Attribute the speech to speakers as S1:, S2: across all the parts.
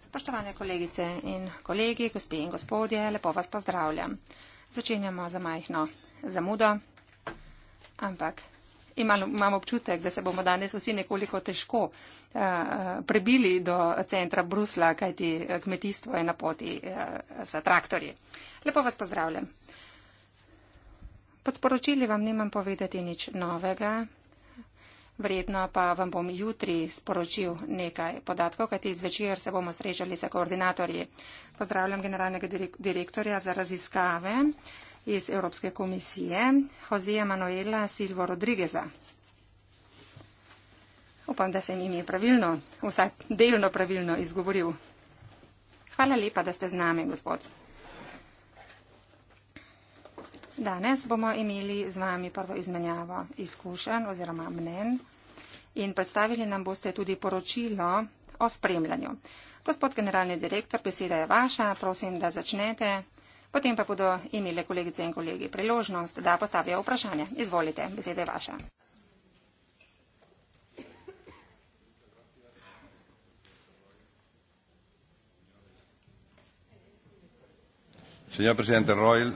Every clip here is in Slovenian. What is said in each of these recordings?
S1: Spoštovane kolegice in kolegi, gospe in gospodje, lepo vas pozdravljam. Začenjamo za majhno zamudo, ampak imam občutek, da se bomo danes vsi nekoliko težko eh, eh, prebili do centra Brusla, kajti eh, kmetijstvo je na poti za traktorje. Lepo vas pozdravljam. Pod sporočili vam nimam povedati nič novega, Verjetno pa vam bom jutri sporočil nekaj podatkov, kajti zvečer se bomo srečali s koordinatorji. Pozdravljam generalnega direktorja za raziskave iz Evropske komisije, Hozija Manuela Silvo Rodrigeza. Upam, da se jim je pravilno, vsaj delno pravilno izgovoril. Hvala lepa, da ste z nami, gospod. Danes bomo imeli z vami prvo izmenjavo izkušenj oziroma mnen in predstavili nam boste tudi poročilo o spremljanju. Gospod generalni direktor, beseda je vaša, prosim, da začnete, potem pa bodo imele kolegice in kolegi priložnost, da postavijo vprašanje. Izvolite, beseda je vaša.
S2: Señor presidente Royal,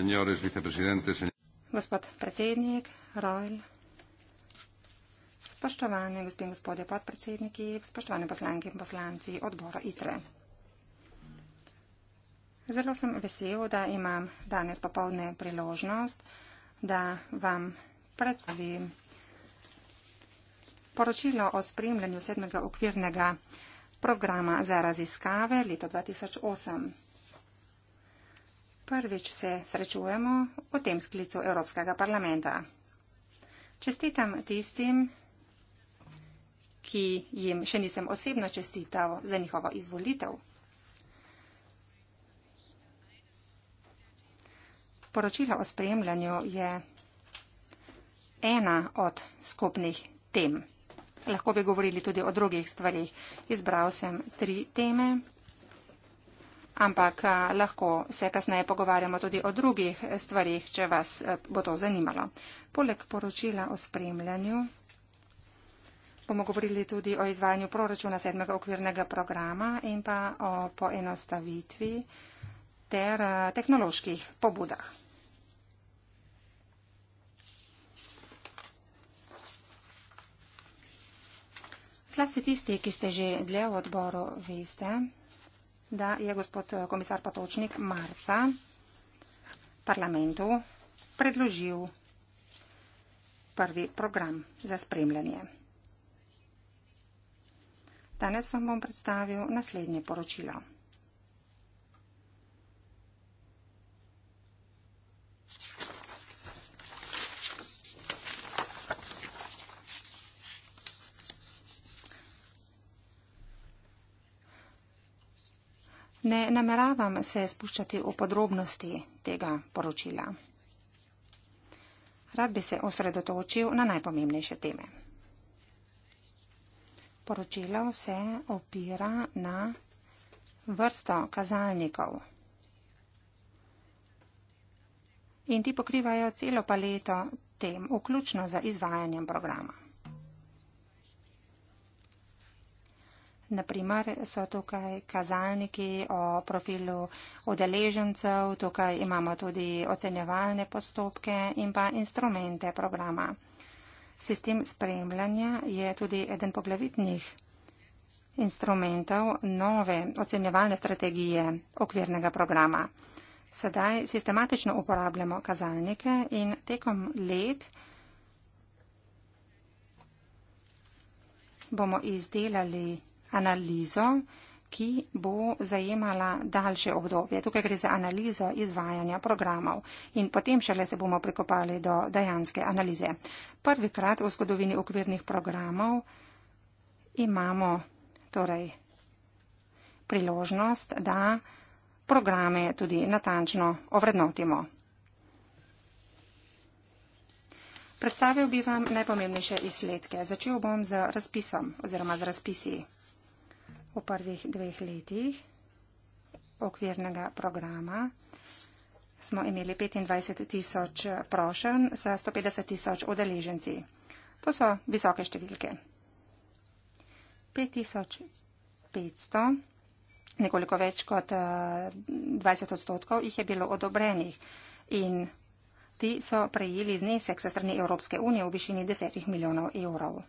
S2: Señores vicepresidentes, señ
S1: gospod predsednik, Rojl, spoštovane gospe in gospodje podpredsedniki, spoštovane poslanke in poslanci odbora ITRE. Zelo sem vesel, da imam danes popovdne priložnost, da vam predstavim poročilo o spremljanju sedmega okvirnega programa za raziskave leta 2008 prvič se srečujemo v tem sklicu Evropskega parlamenta. Čestitam tistim, ki jim še nisem osebno čestital za njihovo izvolitev. Poročilo o spremljanju je ena od skupnih tem. Lahko bi govorili tudi o drugih stvarih. Izbral sem tri teme ampak lahko se kasneje pogovarjamo tudi o drugih stvarih, če vas eh, bo to zanimalo. Poleg poročila o spremljanju bomo govorili tudi o izvajanju proračuna sedmega okvirnega programa in pa o poenostavitvi ter eh, tehnoloških pobudah. Zlasti tisti, ki ste že dlje v odboru, veste, da je gospod eh, komisar Patočnik marca parlamentu predložil prvi program za spremljanje. Danes vam bom predstavil naslednje poročilo. Ne nameravam se spuščati v podrobnosti tega poročila. Rad bi se osredotočil na najpomembnejše teme. Poročilo se opira na vrsto kazalnikov. In ti pokrivajo celo paleto tem, vključno za izvajanjem programa. Naprimer so tukaj kazalniki o profilu udeležencev, tukaj imamo tudi ocenjevalne postopke in pa instrumente programa. Sistem spremljanja je tudi eden poglavitnih instrumentov nove ocenjevalne strategije okvirnega programa. Sedaj sistematično uporabljamo kazalnike in tekom let bomo izdelali analizo, ki bo zajemala daljše obdobje. Tukaj gre za analizo izvajanja programov in potem šele se bomo prikopali do dejanske analize. Prvi krat v zgodovini okvirnih programov imamo torej priložnost, da programe tudi natančno ovrednotimo. Predstavil bi vam najpomembnejše izsledke. Začel bom z razpisom oziroma z razpisi v prvih dveh letih okvirnega programa. Smo imeli 25 tisoč prošen za 150 tisoč udeleženci. To so visoke številke. 5500, nekoliko več kot 20 eh, odstotkov jih je bilo odobrenih in ti so prejeli znesek se strani Evropske unije v višini 10 milijonov evrov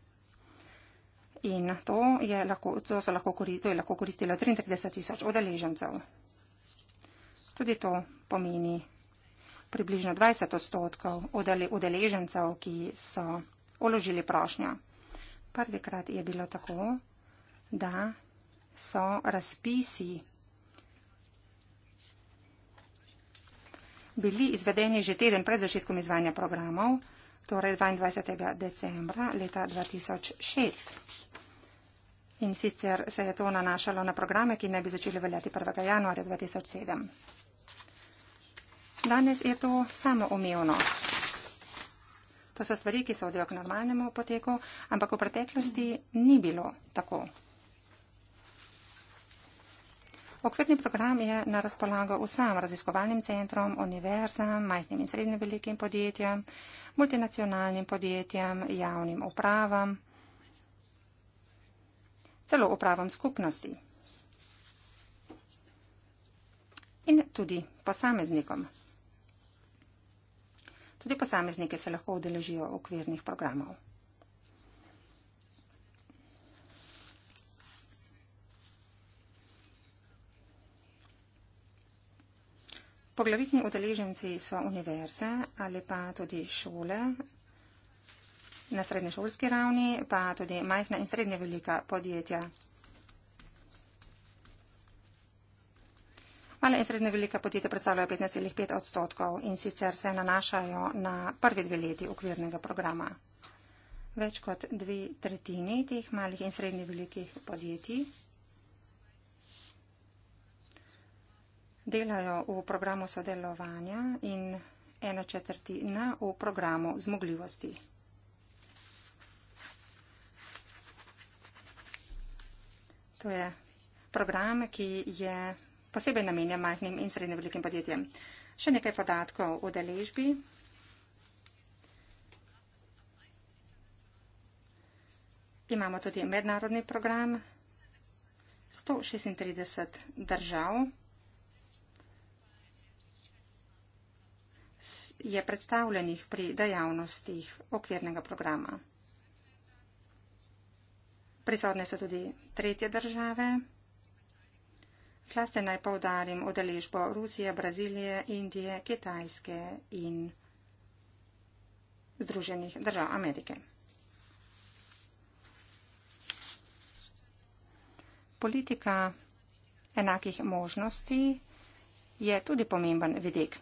S1: in to, lahko, to so lahko, to lahko koristilo 33 tisoč odeležencev. Tudi to pomeni približno 20 odstotkov odeležencev, ki so oložili prošnjo. Prvikrat je bilo tako, da so razpisi bili izvedeni že teden pred začetkom izvajanja programov torej 22. decembra leta 2006. In sicer se je to nanašalo na programe, ki ne bi začeli veljati 1. januarja 2007. Danes je to samo omejeno. To so stvari, ki so odjo k normalnemu poteku, ampak v preteklosti ni bilo tako. Okvirni program je na razpolago vsem raziskovalnim centrom, univerzam, majhnim in srednjim velikim podjetjem, multinacionalnim podjetjem, javnim upravam, celo upravam skupnosti in tudi posameznikom. Tudi posamezniki se lahko udeležijo okvirnih programov. Poglavitni udeleženci so univerze ali pa tudi šole, na srednješolski ravni pa tudi majhna in srednje velika podjetja. Male in srednje velika podjetja predstavljajo 15,5 odstotkov in sicer se nanašajo na prvi dve leti okvirnega programa. Več kot dve tretjini teh malih in srednje velikih podjetij. delajo v programu sodelovanja in ena četrtina v programu zmogljivosti. To je program, ki je posebej namenjen majhnim in srednje velikim podjetjem. Še nekaj podatkov o deležbi. Imamo tudi mednarodni program 136 držav. je predstavljenih pri dejavnostih okvirnega programa. Prisotne so tudi tretje države. Zlasti naj povdarim udeležbo Rusije, Brazilije, Indije, Kitajske in Združenih držav Amerike. Politika enakih možnosti je tudi pomemben vidik.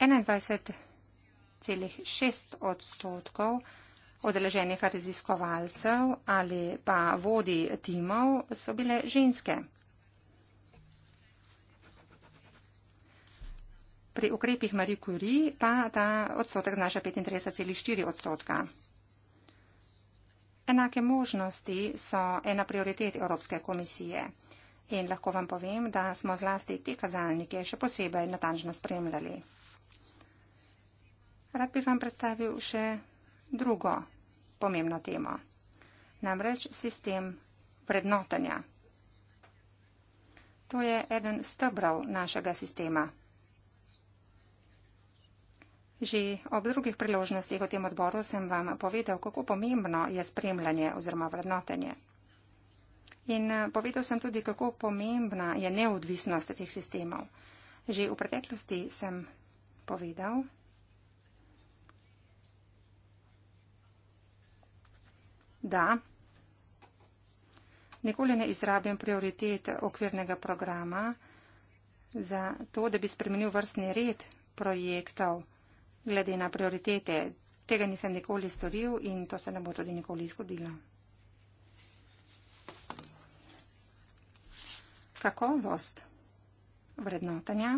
S1: 21,6 odstotkov odeleženih raziskovalcev ali pa vodi timov so bile ženske. Pri ukrepih Marie Curie pa ta odstotek znaša 35,4 odstotka. Enake možnosti so ena prioritet Evropske komisije in lahko vam povem, da smo zlasti te kazalnike še posebej natančno spremljali rad bi vam predstavil še drugo pomembno temo, namreč sistem prednotanja. To je eden stebrov našega sistema. Že ob drugih priložnostih v tem odboru sem vam povedal, kako pomembno je spremljanje oziroma vrednotenje. In eh, povedal sem tudi, kako pomembna je neodvisnost teh sistemov. Že v preteklosti sem povedal, da nikoli ne izrabim prioritet okvirnega programa za to, da bi spremenil vrstni red projektov glede na prioritete. Tega nisem nikoli storil in to se ne bo tudi nikoli zgodilo. Kakovost vrednotanja.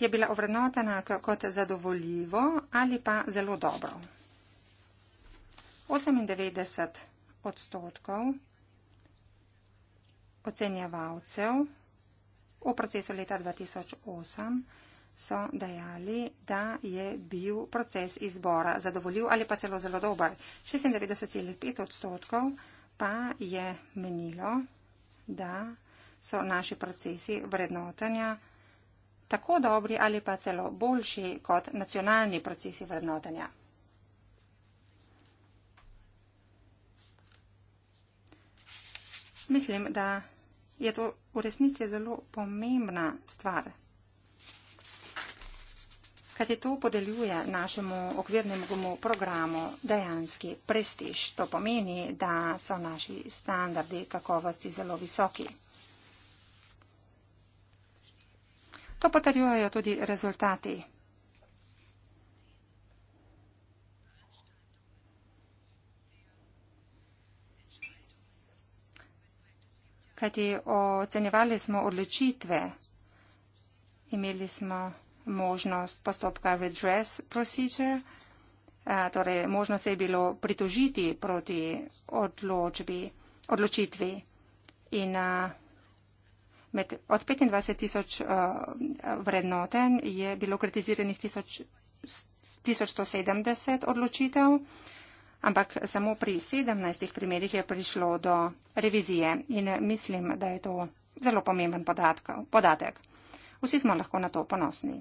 S1: je bila ovrednotena kot zadovoljivo ali pa zelo dobro. 98 odstotkov ocenjevalcev v procesu leta 2008 so dejali, da je bil proces izbora zadovoljiv ali pa celo zelo dober. 96,5 odstotkov pa je menilo, da so naši procesi vrednotenja tako dobri ali pa celo boljši kot nacionalni procesi vrednotenja. Mislim, da je to v resnici zelo pomembna stvar, kajti to podeljuje našemu okvirnemu programu dejanski prestiž. To pomeni, da so naši standardi kakovosti zelo visoki. To potrjujejo tudi rezultati. Kajti ocenjevali smo odločitve, imeli smo možnost postopka redress procedure, torej možnost je bilo pritožiti proti odločbi, odločitvi in Med, od 25 tisoč uh, vrednoten je bilo kritiziranih 1170 odločitev, ampak samo pri 17 primerih je prišlo do revizije in eh, mislim, da je to zelo pomemben podatka, podatek. Vsi smo lahko na to ponosni.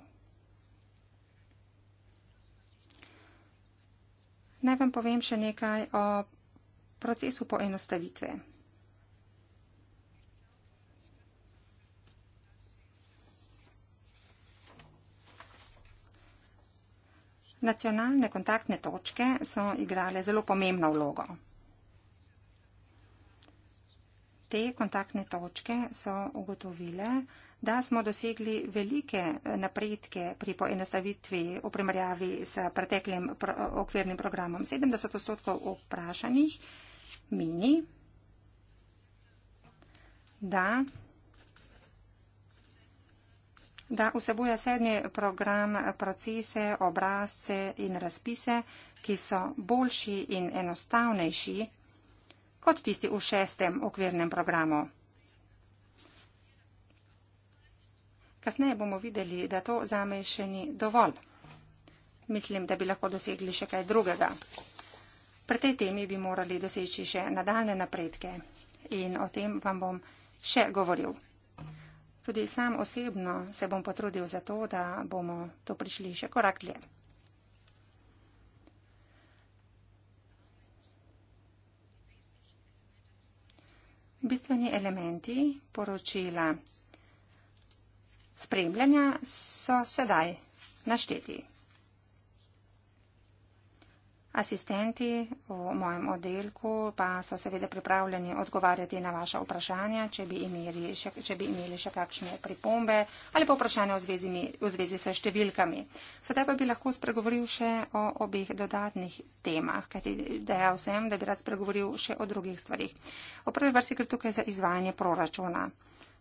S1: Naj vam povem še nekaj o procesu poenostavitve. Nacionalne kontaktne točke so igrale zelo pomembno vlogo. Te kontaktne točke so ugotovile, da smo dosegli velike napredke pri poenostavitvi v primerjavi s preteklim pro okvirnim programom. 70 odstotkov vprašanih meni, da da vsebuje sedmi program procese, obrazce in razpise, ki so boljši in enostavnejši kot tisti v šestem okvirnem programu. Kasneje bomo videli, da to zame še ni dovolj. Mislim, da bi lahko dosegli še kaj drugega. Pri tej temi bi morali doseči še nadaljne napredke in o tem vam bom še govoril. Tudi sam osebno se bom potrudil za to, da bomo to prišli še korak dlje. Bistveni elementi poročila spremljanja so sedaj našteti. Asistenti v mojem oddelku pa so seveda pripravljeni odgovarjati na vaše vprašanja, če bi imeli še, če bi imeli še kakšne pripombe ali pa vprašanja v zvezi, v zvezi s številkami. Sedaj pa bi lahko spregovoril še o obih dodatnih temah, kajti dejal sem, da bi rad spregovoril še o drugih stvarih. O prvi vrsti gre tukaj za izvajanje proračuna.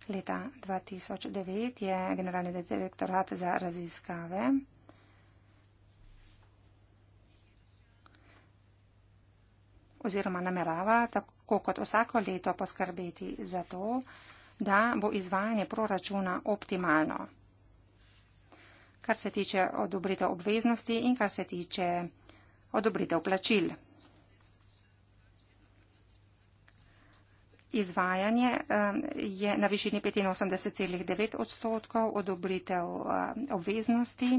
S1: Leta 2009 je generalni direktorat za raziskave oziroma namerava tako kot vsako leto poskrbeti za to, da bo izvajanje proračuna optimalno. Kar se tiče odobritev obveznosti in kar se tiče odobritev plačil. Izvajanje eh, je na višini 85,9 odstotkov odobritev eh, obveznosti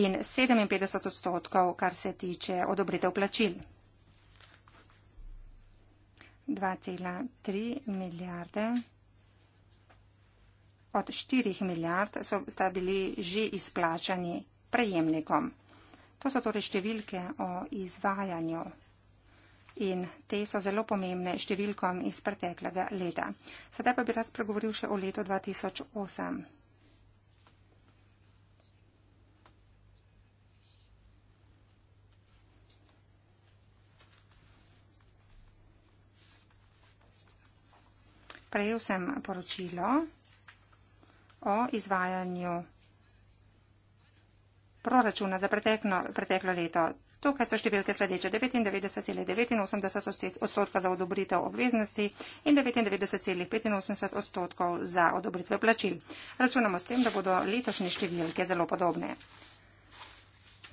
S1: in 57 odstotkov, kar se tiče odobritev plačil. 2,3 milijarde. Od 4 milijard so sta bili že izplačani prejemnikom. To so torej številke o izvajanju in te so zelo pomembne številkom iz preteklega leta. Sedaj pa bi rad spregovoril še o letu 2008. Prejel sem poročilo o izvajanju proračuna za preteklo, preteklo leto. Tukaj so številke sledeče 99,89 odstotka za odobritev obveznosti in 99,85 odstotkov za odobritve plačil. Računamo s tem, da bodo letošnje številke zelo podobne.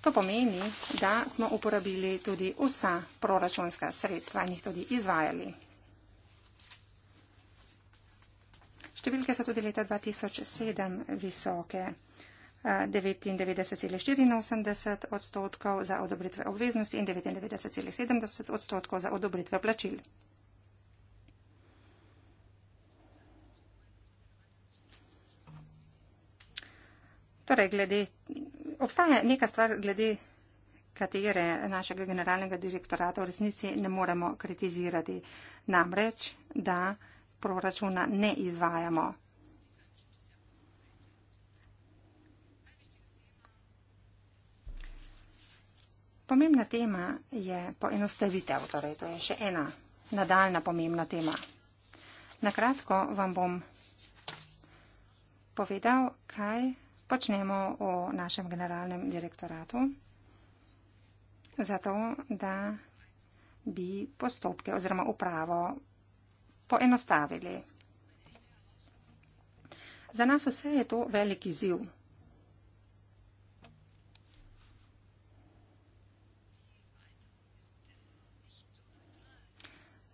S1: To pomeni, da smo uporabili tudi vsa proračunska sredstva in jih tudi izvajali. Številke so tudi leta 2007 visoke. 99,84 odstotkov za odobritve obveznosti in 99,70 odstotkov za odobritve plačil. Torej, glede, obstaja neka stvar, glede katere našega generalnega direktorata v resnici ne moremo kritizirati. Namreč, da proračuna ne izvajamo. Pomembna tema je poenostavitev, torej to je še ena nadaljna pomembna tema. Nakratko vam bom povedal, kaj počnemo v našem generalnem direktoratu, zato da bi postopke oziroma upravo poenostavili. Za nas vse je to veliki ziv.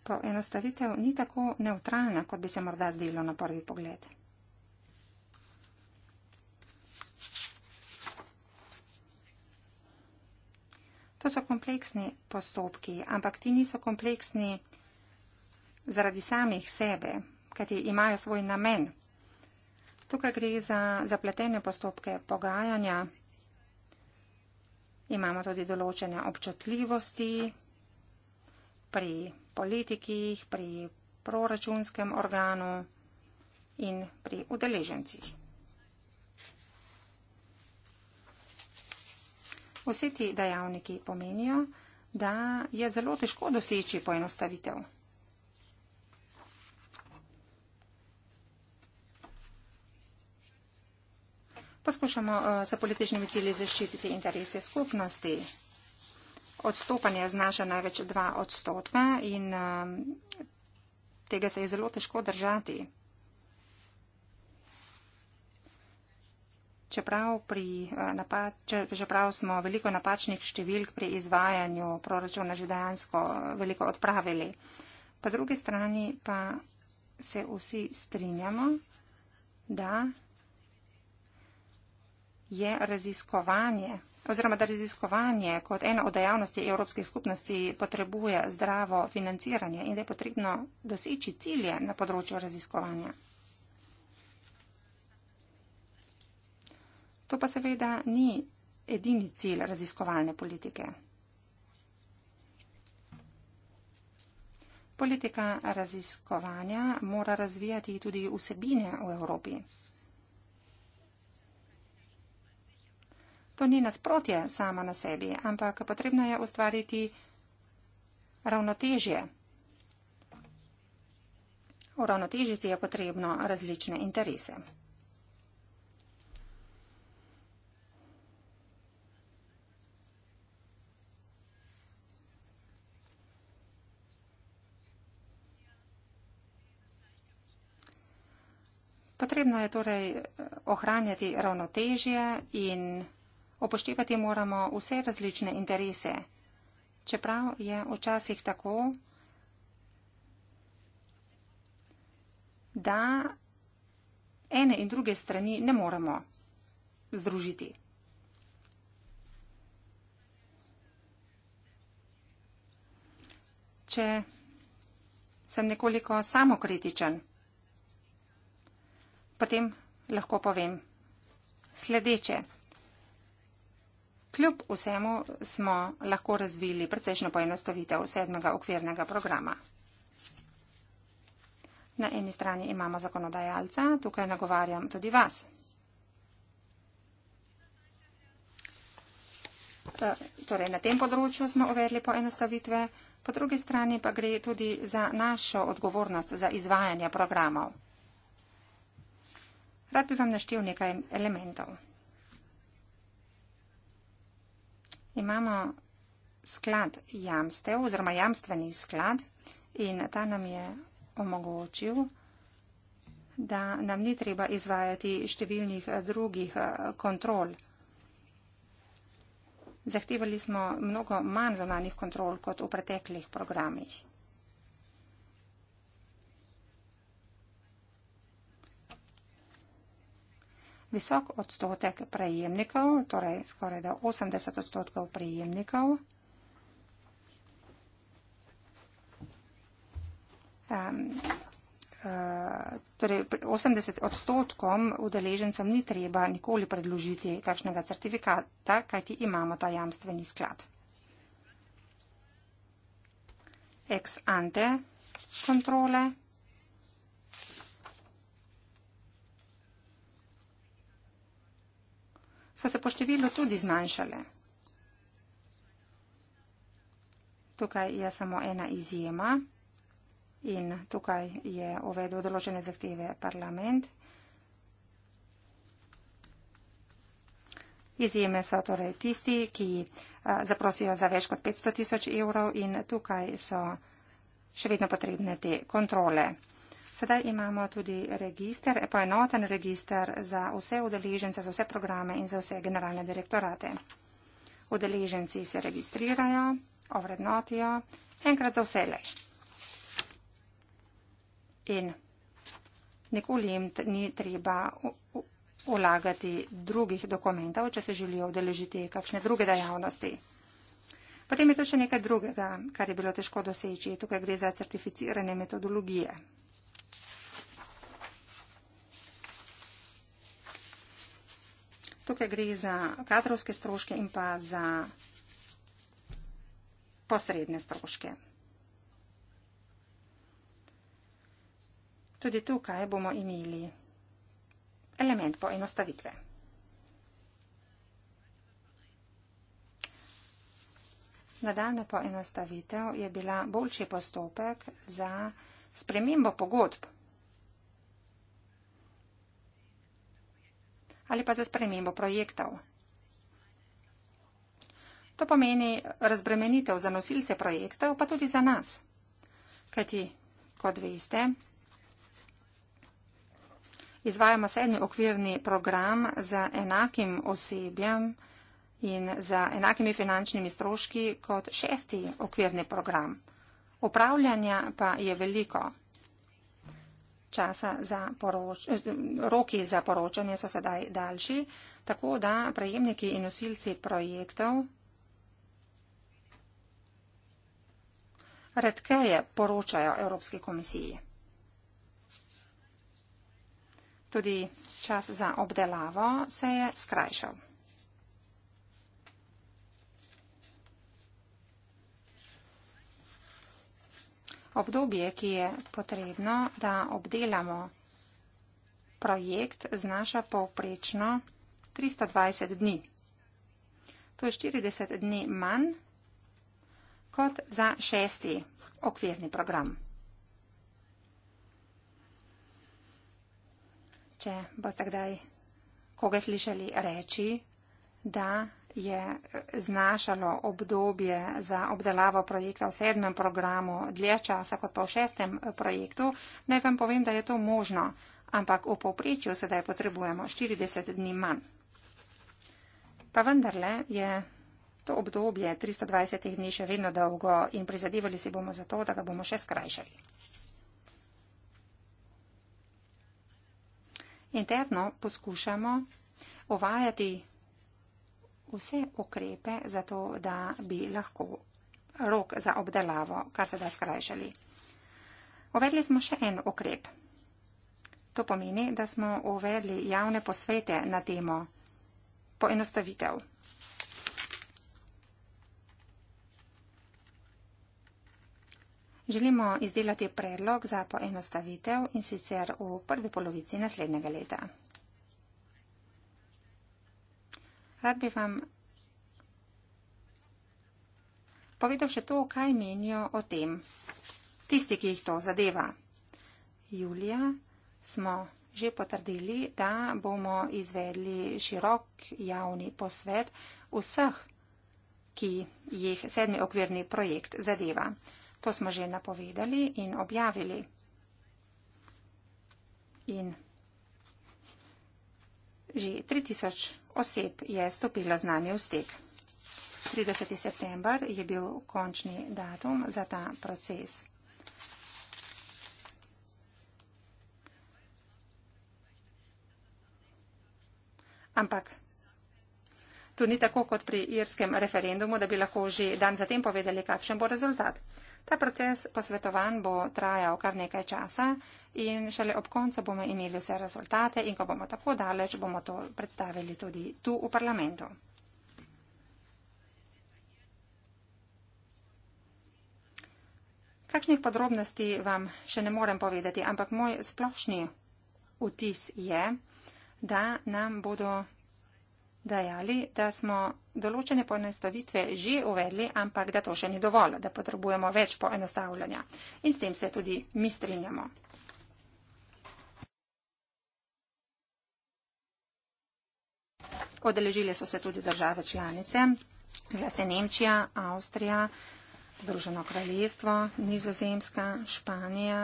S1: Poenostavitev ni tako neutralna, kot bi se morda zdelo na prvi pogled. To so kompleksni postopki, ampak ti niso kompleksni zaradi samih sebe, kajti imajo svoj namen. Tukaj gre za zapletene postopke pogajanja, imamo tudi določene občutljivosti pri politikih, pri proračunskem organu in pri udeležencih. Vsi ti dejavniki pomenijo, da je zelo težko doseči poenostavitev. poskušamo uh, eh, sa političnimi cilji zaščititi interese skupnosti. Odstopanje znaša največ 2 odstotka in uh, tega se je zelo težko držati. Čeprav, pri, eh, če, čeprav smo veliko napačnih številk pri izvajanju proračuna že dejansko veliko odpravili, po drugi strani pa se vsi strinjamo, da je raziskovanje oziroma da raziskovanje kot ena od dejavnosti Evropske skupnosti potrebuje zdravo financiranje in da je potrebno doseči cilje na področju raziskovanja. To pa seveda ni edini cilj raziskovalne politike. Politika raziskovanja mora razvijati tudi vsebine v Evropi. To ni nasprotje sama na sebi, ampak potrebno je ustvariti ravnotežje. Uravnotežiti je potrebno različne interese. Potrebno je torej ohranjati ravnotežje in. Upoštevati moramo vse različne interese. Čeprav je včasih tako, da ene in druge strani ne moremo združiti. Če sem nekoliko samokritičen, potem lahko povem sledeče. Kljub vsemu smo lahko razvili precejšno poenostavitev sedmega okvirnega programa. Na eni strani imamo zakonodajalca, tukaj nagovarjam tudi vas. E, torej, na tem področju smo uvedli poenostavitve, po drugi strani pa gre tudi za našo odgovornost za izvajanje programov. Rad bi vam naštel nekaj elementov. imamo sklad jamstev oziroma jamstveni sklad in ta nam je omogočil, da nam ni treba izvajati številnih eh, drugih eh, kontrol. Zahtevali smo mnogo manj zunanih kontrol kot v preteklih programih. Visok odstotek prejemnikov, torej skoraj da 80 odstotkov prejemnikov, um, Torej, 80 odstotkom udeležencem ni treba nikoli predložiti kakšnega certifikata, kajti imamo ta jamstveni sklad. Ex ante kontrole. so se po številu tudi zmanjšale. Tukaj je samo ena izjema in tukaj je uvedel odložene zahteve parlament. Izjeme so torej tisti, ki zaprosijo za več kot 500 tisoč evrov in tukaj so še vedno potrebne te kontrole. Sedaj imamo tudi registr, poenoten registr za vse udeležence, za vse programe in za vse generalne direktorate. Udeleženci se registrirajo, ovrednotijo enkrat za vselej. In nikoli jim ni treba ulagati drugih dokumentov, če se želijo udeležiti kakšne druge dejavnosti. Potem je to še nekaj drugega, kar je bilo težko doseči. Tukaj gre za certificirane metodologije. Tukaj gre za kadrovske stroške in pa za posredne stroške. Tudi tukaj bomo imeli element poenostavitve. Nadaljna poenostavitev je bila boljši postopek za spremembo pogodb. ali pa za spremembo projektov. To pomeni razbremenitev za nosilce projektov, pa tudi za nas. Kajti, kot veste, izvajamo sedmi okvirni program za enakim osebjem in za enakimi finančnimi stroški kot šesti okvirni program. Upravljanja pa je veliko časa za poroč, eh, roki za poročanje so sedaj daljši, tako da prejemniki in nosilci projektov redkeje poročajo Evropski komisiji. Tudi čas za obdelavo se je skrajšal. obdobje, ki je potrebno, da obdelamo projekt, znaša povprečno 320 dni. To je 40 dni manj kot za šesti okvirni program. Če boste kdaj koga slišali reči, da je eh, znašalo obdobje za obdelavo projekta v sedmem programu dlje časa kot pa v šestem eh, projektu, naj vam povem, da je to možno, ampak v povprečju sedaj potrebujemo 40 dni manj. Pa vendarle je to obdobje 320 dni še vedno dolgo in prizadevali si bomo za to, da ga bomo še skrajšali. Interno poskušamo uvajati vse ukrepe za to, da bi lahko rok za obdelavo kar se da skrajšali. Uvedli smo še en ukrep. To pomeni, da smo uvedli javne posvete na temo poenostavitev. Želimo izdelati predlog za poenostavitev in sicer v prvi polovici naslednjega leta. Rad bi vam povedal še to, kaj menijo o tem tisti, ki jih to zadeva. Julija smo že potrdili, da bomo izvedli širok javni posvet vseh, ki jih sedmi okvirni projekt zadeva. To smo že napovedali in objavili. In že 3000 oseb je stopilo z nami v stik. 30. september je bil končni datum za ta proces. Ampak to ni tako kot pri irskem referendumu, da bi lahko že dan zatem povedali, kakšen bo rezultat. Ta proces posvetovanj bo trajal kar nekaj časa in šele ob koncu bomo imeli vse rezultate in ko bomo tako daleč, bomo to predstavili tudi tu v parlamentu. Kakšnih podrobnosti vam še ne morem povedati, ampak moj splošni vtis je, da nam bodo dajali, da smo določene poenostavitve že uvedli, ampak da to še ni dovolj, da potrebujemo več poenostavljanja. In s tem se tudi mi strinjamo. Odeležile so se tudi države članice, zlasti Nemčija, Avstrija, Združeno kraljestvo, Nizozemska, Španija.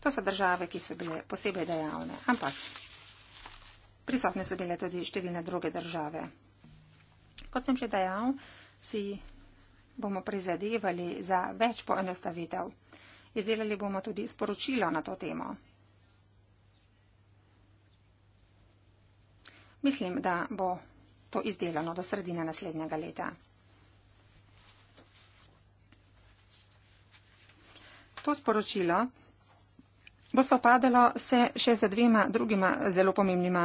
S1: To so države, ki so bile posebej dejavne, ampak Prisotne so bile tudi številne druge države. Kot sem že dejal, si bomo prizadevali za več poenostavitev. Izdelali bomo tudi sporočilo na to temo. Mislim, da bo to izdelano do sredine naslednjega leta. To sporočilo bo sopadalo se še z dvema drugima zelo pomembnima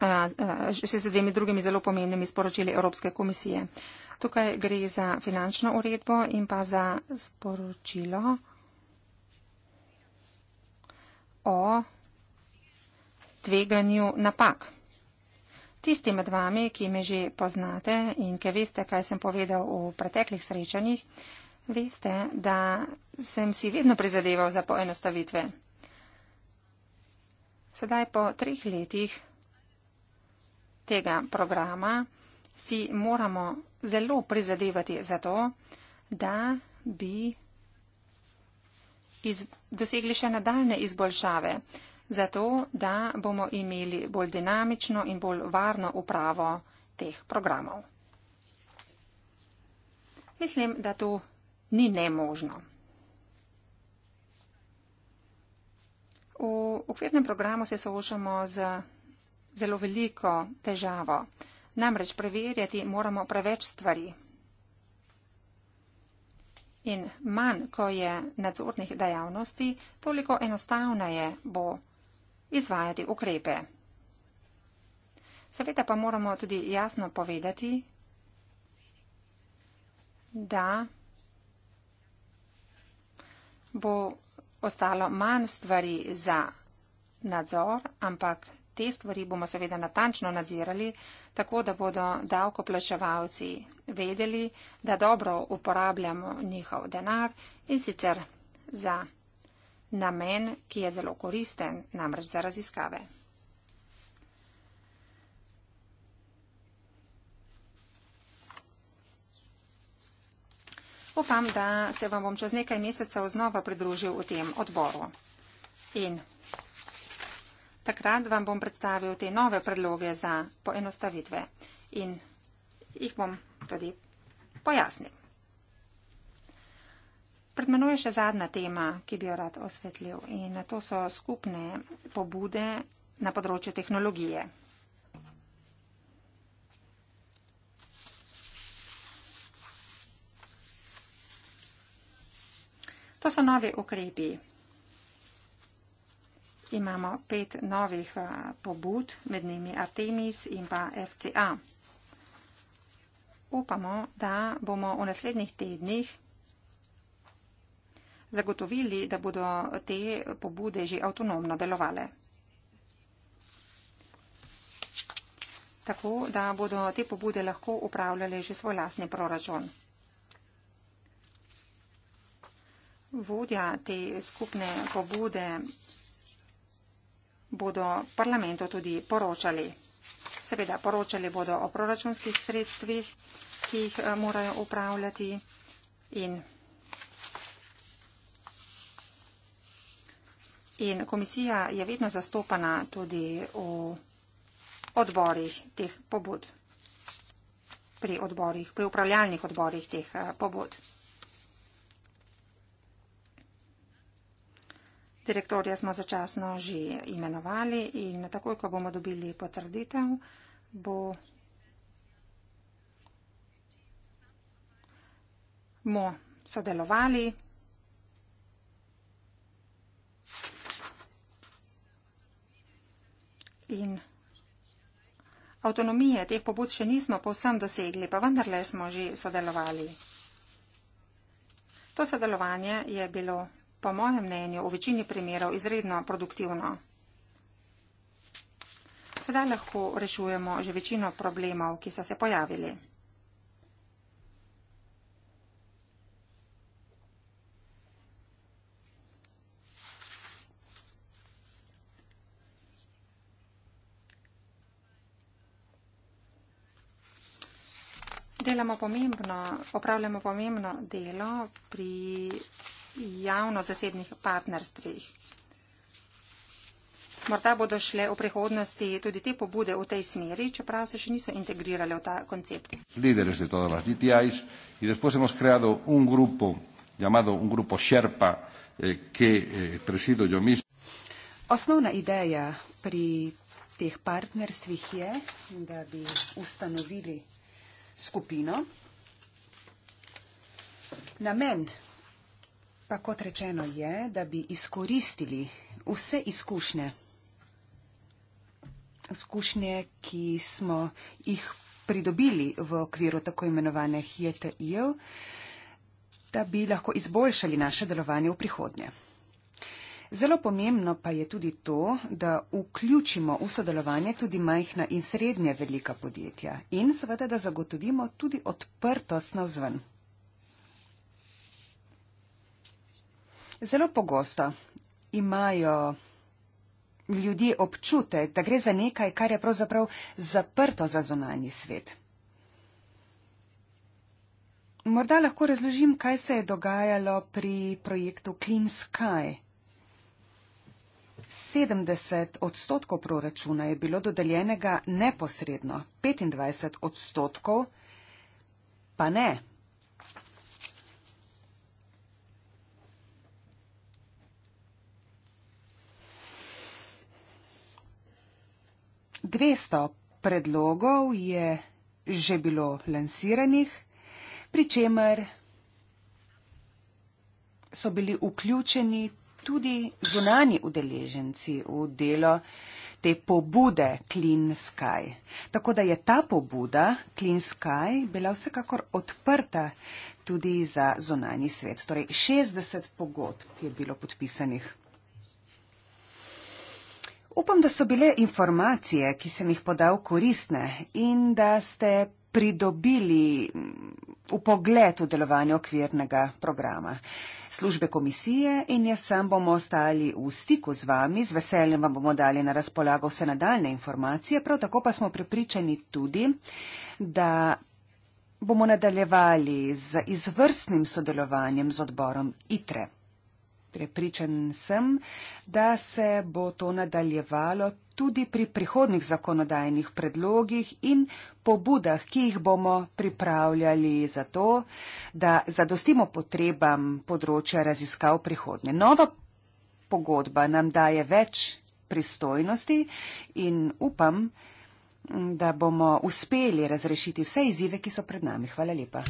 S1: še z dvemi drugimi zelo pomembnimi sporočili Evropske komisije. Tukaj gre za finančno uredbo in pa za sporočilo o tveganju napak. Tisti med vami, ki me že poznate in ki veste, kaj sem povedal v preteklih srečanjih, veste, da sem si vedno prizadeval za poenostavitve. Sedaj po treh letih tega programa si moramo zelo prizadevati za to, da bi iz, dosegli še nadaljne izboljšave, zato da bomo imeli bolj dinamično in bolj varno upravo teh programov. Mislim, da to ni nemožno. V okvirnem programu se soočamo z zelo veliko težavo. Namreč preverjati moramo preveč stvari. In manj, ko je nadzornih dejavnosti, toliko enostavneje bo izvajati ukrepe. Seveda pa moramo tudi jasno povedati, da bo ostalo manj stvari za nadzor, ampak Te stvari bomo seveda natančno nadzirali, tako da bodo davkoplačevalci vedeli, da dobro uporabljamo njihov denar in sicer za namen, ki je zelo koristen, namreč za raziskave. Upam, da se vam bom čez nekaj mesecev znova pridružil v tem odboru. In Takrat vam bom predstavil te nove predloge za poenostavitve in jih bom tudi pojasnil. Pred menoj je še zadnja tema, ki bi jo rad osvetlil in to so skupne pobude na področju tehnologije. To so nove ukrepi imamo pet novih eh, pobud, med njimi Artemis in pa FCA. Upamo, da bomo v naslednjih tednih zagotovili, da bodo te pobude že avtonomno delovale. Tako, da bodo te pobude lahko upravljale že svoj lasni proračun. Vodja te skupne pobude bodo parlamentu tudi poročali. Seveda poročali bodo o proračunskih sredstvih, ki jih eh, morajo upravljati in, in komisija je vedno zastopana tudi v odborih teh pobud, pri, odborih, pri upravljalnih odborih teh eh, pobud. Direktorja smo začasno že imenovali in takoj, ko bomo dobili potrditev, bo mo sodelovali. In avtonomije teh pobud še nismo povsem dosegli, pa vendarle smo že sodelovali. To sodelovanje je bilo po mojem mnenju, v večini primerov izredno produktivno. Sedaj lahko rešujemo že večino problemov, ki so se pojavili. Delamo pomembno, opravljamo pomembno delo pri javno-zasebnih partnerstvih. Morda bodo šle v prihodnosti tudi te pobude v tej smeri, čeprav se še niso integrirale v ta koncept.
S2: Eh,
S1: eh,
S2: Osnovna ideja pri teh partnerstvih je, da bi ustanovili skupino. Namen Pa kot rečeno je, da bi izkoristili vse izkušnje, izkušnje, ki smo jih pridobili v okviru tako imenovane HTI-ev, da bi lahko izboljšali naše delovanje v prihodnje. Zelo pomembno pa je tudi to, da vključimo v sodelovanje tudi majhna in srednja velika podjetja in seveda, da zagotovimo tudi odprtost navzven. Zelo pogosto imajo ljudje občutek, da gre za nekaj, kar je pravzaprav zaprto za zunanji svet. Morda lahko razložim, kaj se je dogajalo pri projektu Clean Sky. 70 odstotkov proračuna je bilo dodeljenega neposredno, 25 odstotkov pa ne. 200 predlogov je že bilo lansiranih, pri čemer so bili vključeni tudi zunani udeleženci v delo te pobude Clean Sky. Tako da je ta pobuda Clean Sky bila vsekakor odprta tudi za zunani svet. Torej 60 pogodb je bilo podpisanih. Upam, da so bile informacije, ki sem jih podal, koristne in da ste pridobili mm, v pogled v delovanje okvirnega programa. Službe komisije in jaz sam bomo ostali v stiku z vami, z veseljem vam bomo dali na razpolago vse nadaljne informacije, prav tako pa smo pripričani tudi, da bomo nadaljevali z izvrstnim sodelovanjem z odborom ITRE. Prepričan sem, da se bo to nadaljevalo tudi pri prihodnih zakonodajnih predlogih in pobudah, ki jih bomo pripravljali za to, da zadostimo potrebam področja raziskav prihodnje. Nova pogodba nam daje več pristojnosti in upam, da bomo uspeli razrešiti vse izzive, ki so pred nami. Hvala lepa.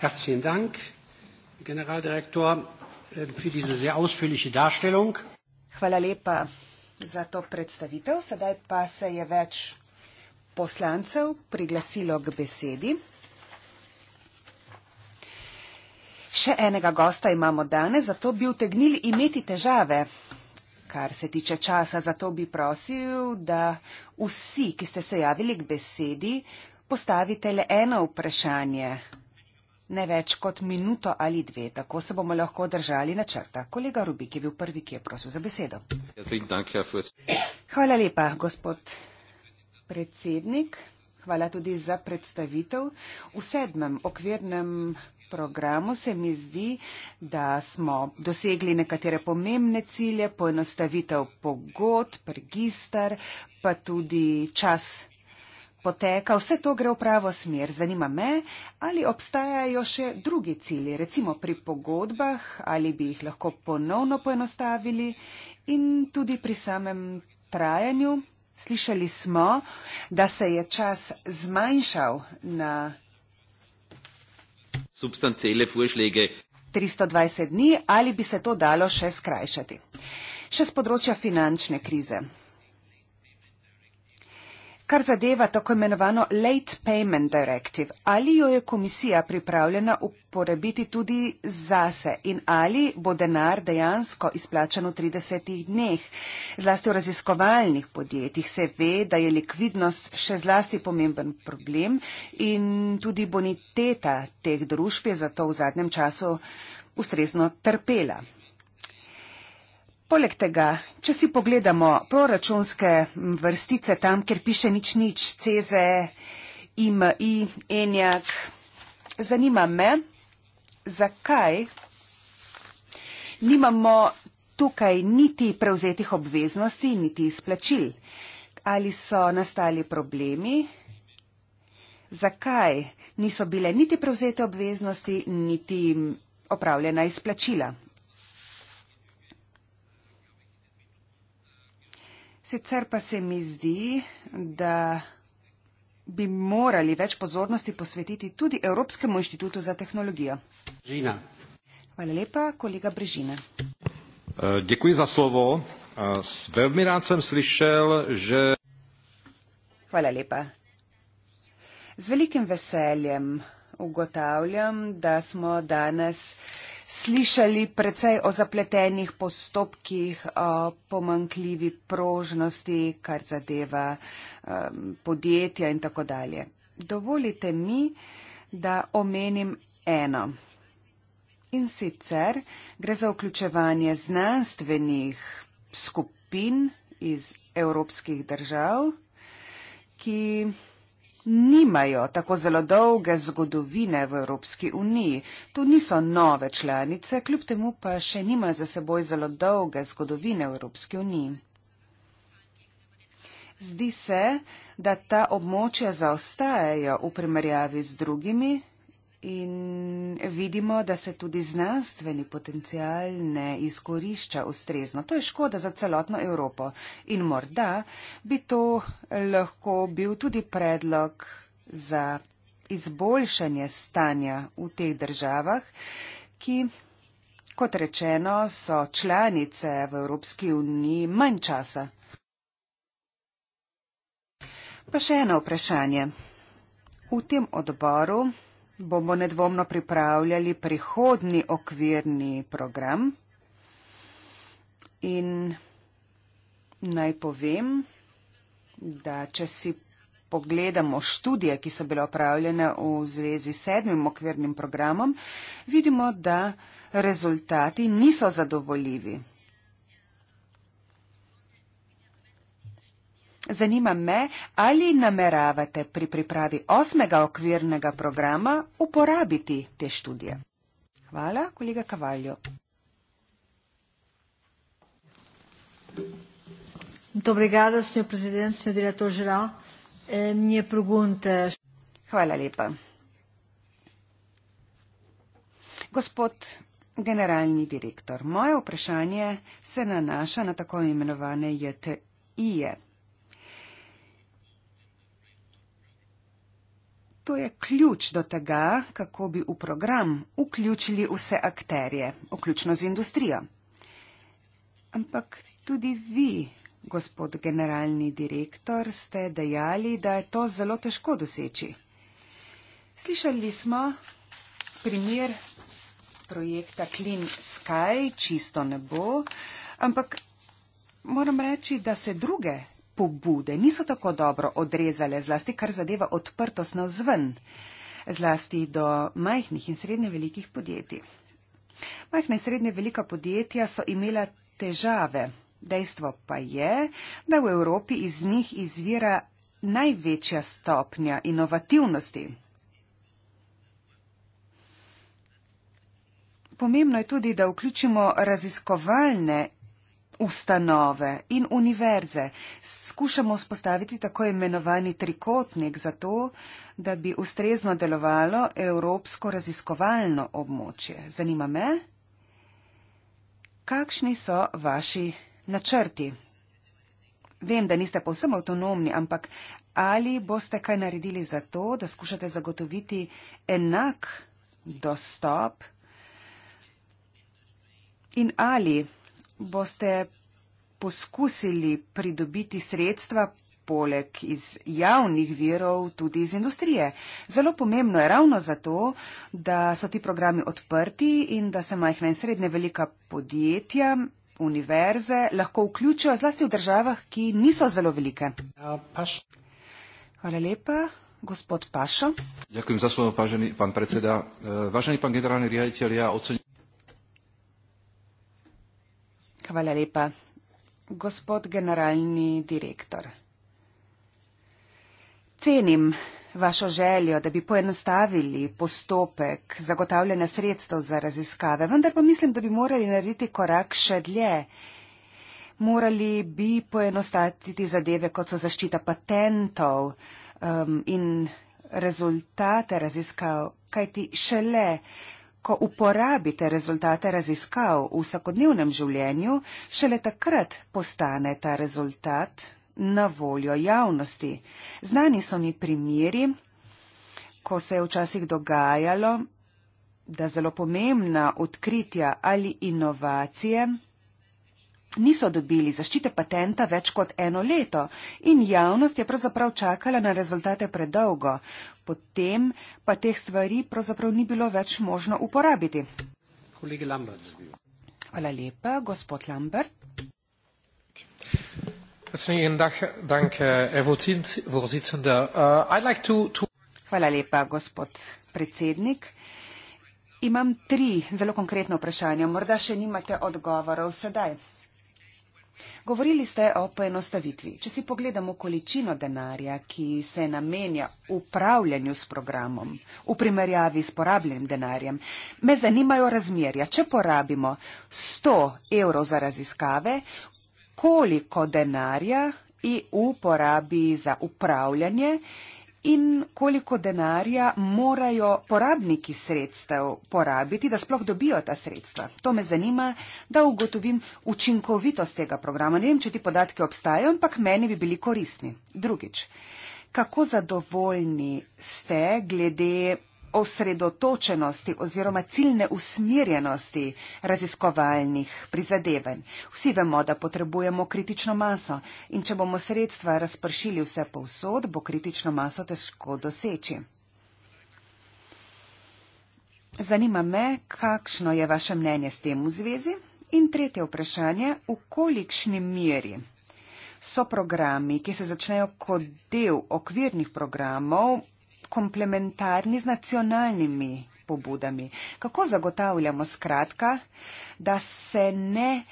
S2: Hrcijen dank generaldirektor, ähm, für diese sehr ausführliche Darstellung. Hvala lepa za to predstavitev. Sedaj pa se je več poslancev priglasilo k besedi. Še enega gosta imamo danes, zato bi utegnili imeti težave. Kar se tiče časa, zato bi prosil, da vsi, ki ste se javili k besedi, postavite le eno vprašanje Ne več kot minuto ali dve, tako se bomo lahko držali načrta. Kolega Rubik je bil prvi, ki je prosil za besedo. Hvala lepa, gospod predsednik. Hvala tudi za predstavitev. V sedmem okvirnem programu se mi zdi, da smo dosegli nekatere pomembne cilje, poenostavitev pogod, registar, pa tudi čas poteka, vse to gre v pravo smer. Zanima me, ali obstajajo še drugi cilji, recimo pri pogodbah, ali bi jih lahko ponovno poenostavili in tudi pri samem trajanju. Slišali smo, da se je čas zmanjšal na
S1: 320
S2: dni, ali bi se to dalo še skrajšati. Še z področja finančne krize. Kar zadeva tako imenovano Late Payment Directive, ali jo je komisija pripravljena uporabiti tudi zase in ali bo denar dejansko izplačan v 30 dneh? Zlasti v raziskovalnih podjetjih se ve, da je likvidnost še zlasti pomemben problem in tudi boniteta teh družb je zato v zadnjem času ustrezno trpela. Poleg tega, če si pogledamo proračunske vrstice tam, kjer piše nič nič, CZE, IMI, ENJAK, zanima me, zakaj nimamo tukaj niti prevzetih obveznosti, niti izplačil. Ali so nastali problemi? Zakaj niso bile niti prevzete obveznosti, niti opravljena izplačila? Sicer pa se mi zdi, da bi morali več pozornosti posvetiti tudi Evropskemu inštitutu za tehnologijo. Žina. Hvala lepa, kolega Brežina.
S3: Eh, děkuji za slovo. Eh, velmi rád jsem slyšel,
S2: že. Hvala lepa. Z velikim veseljem ugotavljam, da smo danes slišali precej o zapletenih postopkih, o pomankljivi prožnosti, kar zadeva um, podjetja in tako dalje. Dovolite mi, da omenim eno. In sicer gre za vključevanje znanstvenih skupin iz evropskih držav, ki nimajo tako zelo dolge zgodovine v Evropski uniji. Tu niso nove članice, kljub temu pa še nimajo za seboj zelo dolge zgodovine v Evropski uniji. Zdi se, da ta območja zaostajajo v primerjavi z drugimi. In vidimo, da se tudi znanstveni potencial ne izkorišča ustrezno. To je škoda za celotno Evropo. In morda bi to lahko bil tudi predlog za izboljšanje stanja v teh državah, ki, kot rečeno, so članice v Evropski uniji manj časa. Pa še eno vprašanje. V tem odboru bomo nedvomno pripravljali prihodni okvirni program. In naj povem, da če si pogledamo študije, ki so bile opravljene v zvezi s sedmim okvirnim programom, vidimo, da rezultati niso zadovoljivi. Zanima me, ali nameravate pri pripravi osmega okvirnega programa uporabiti te študije. Hvala, kolega Kavaljo.
S1: Dobrigada, senjor predsednik, senjor direktor Žira. Mnie pregunte.
S2: Hvala lepa. Gospod generalni direktor, moje vprašanje se nanaša na tako imenovane JTI-je. To je ključ do tega, kako bi v program vključili vse akterje, vključno z industrijo. Ampak tudi vi, gospod generalni direktor, ste dejali, da je to zelo težko doseči. Slišali smo primer projekta Clean Sky, čisto ne bo, ampak moram reči, da se druge pobude niso tako dobro odrezale, zlasti kar zadeva odprtost navzven, zlasti do majhnih in srednje velikih podjetij. Majhna in srednje velika podjetja so imela težave. Dejstvo pa je, da v Evropi iz njih izvira največja stopnja inovativnosti. Pomembno je tudi, da vključimo raziskovalne ustanove in univerze. Skušamo spostaviti tako imenovani trikotnik za to, da bi ustrezno delovalo evropsko raziskovalno območje. Zanima me, kakšni so vaši načrti? Vem, da niste povsem avtonomni, ampak ali boste kaj naredili za to, da skušate zagotoviti enak dostop in ali boste poskusili pridobiti sredstva poleg iz javnih virov tudi iz industrije. Zelo pomembno je ravno zato, da so ti programi odprti in da se majhna in srednje velika podjetja, univerze lahko vključijo zlasti v državah, ki niso zelo velike. Ja, Hvala lepa. Gospod Pašo.
S3: Ďakujem za slovo, pán predseda. Eh, vážený pán generálny riaditeľ, ja ocenujem.
S2: Hvala lepa. Gospod generalni direktor. Cenim vašo željo, da bi poenostavili postopek zagotavljanja sredstev za raziskave, vendar pa mislim, da bi morali narediti korak še dlje. Morali bi poenostaviti zadeve, kot so zaščita patentov um, in rezultate raziskav, kajti šele ko uporabite rezultate raziskav v vsakodnevnem življenju, šele takrat postane ta rezultat na voljo javnosti. Znani so mi primeri, ko se je včasih dogajalo, da zelo pomembna odkritja ali inovacije niso dobili zaščite patenta več kot eno leto in javnost je pravzaprav čakala na rezultate predolgo. Potem pa teh stvari pravzaprav ni bilo več možno uporabiti. Hvala lepa, gospod Lambert. Äh, Hvala lepa, gospod predsednik. Imam tri zelo konkretne vprašanja. Morda še nimate odgovorov sedaj. Govorili ste o poenostavitvi. Če si pogledamo količino denarja, ki se namenja upravljanju s programom v primerjavi s porabljenim denarjem, me zanimajo razmerja. Če porabimo 100 evrov za raziskave, koliko denarja EU porabi za upravljanje in koliko denarja morajo porabniki sredstev porabiti, da sploh dobijo ta sredstva. To me zanima, da ugotovim učinkovitost tega programa. Ne vem, če ti podatki obstajajo, ampak meni bi bili koristni. Drugič, kako zadovoljni ste glede osredotočenosti oziroma ciljne usmirjenosti raziskovalnih prizadeven. Vsi vemo, da potrebujemo kritično maso in če bomo sredstva razpršili vse povsod, bo kritično maso težko doseči. Zanima me, kakšno je vaše mnenje s tem v zvezi? In tretje vprašanje, v kolikšni meri? So programi, ki se začnejo kot del okvirnih programov, komplementarni z nacionalnimi pobudami. Kako zagotavljamo skratka, da se ne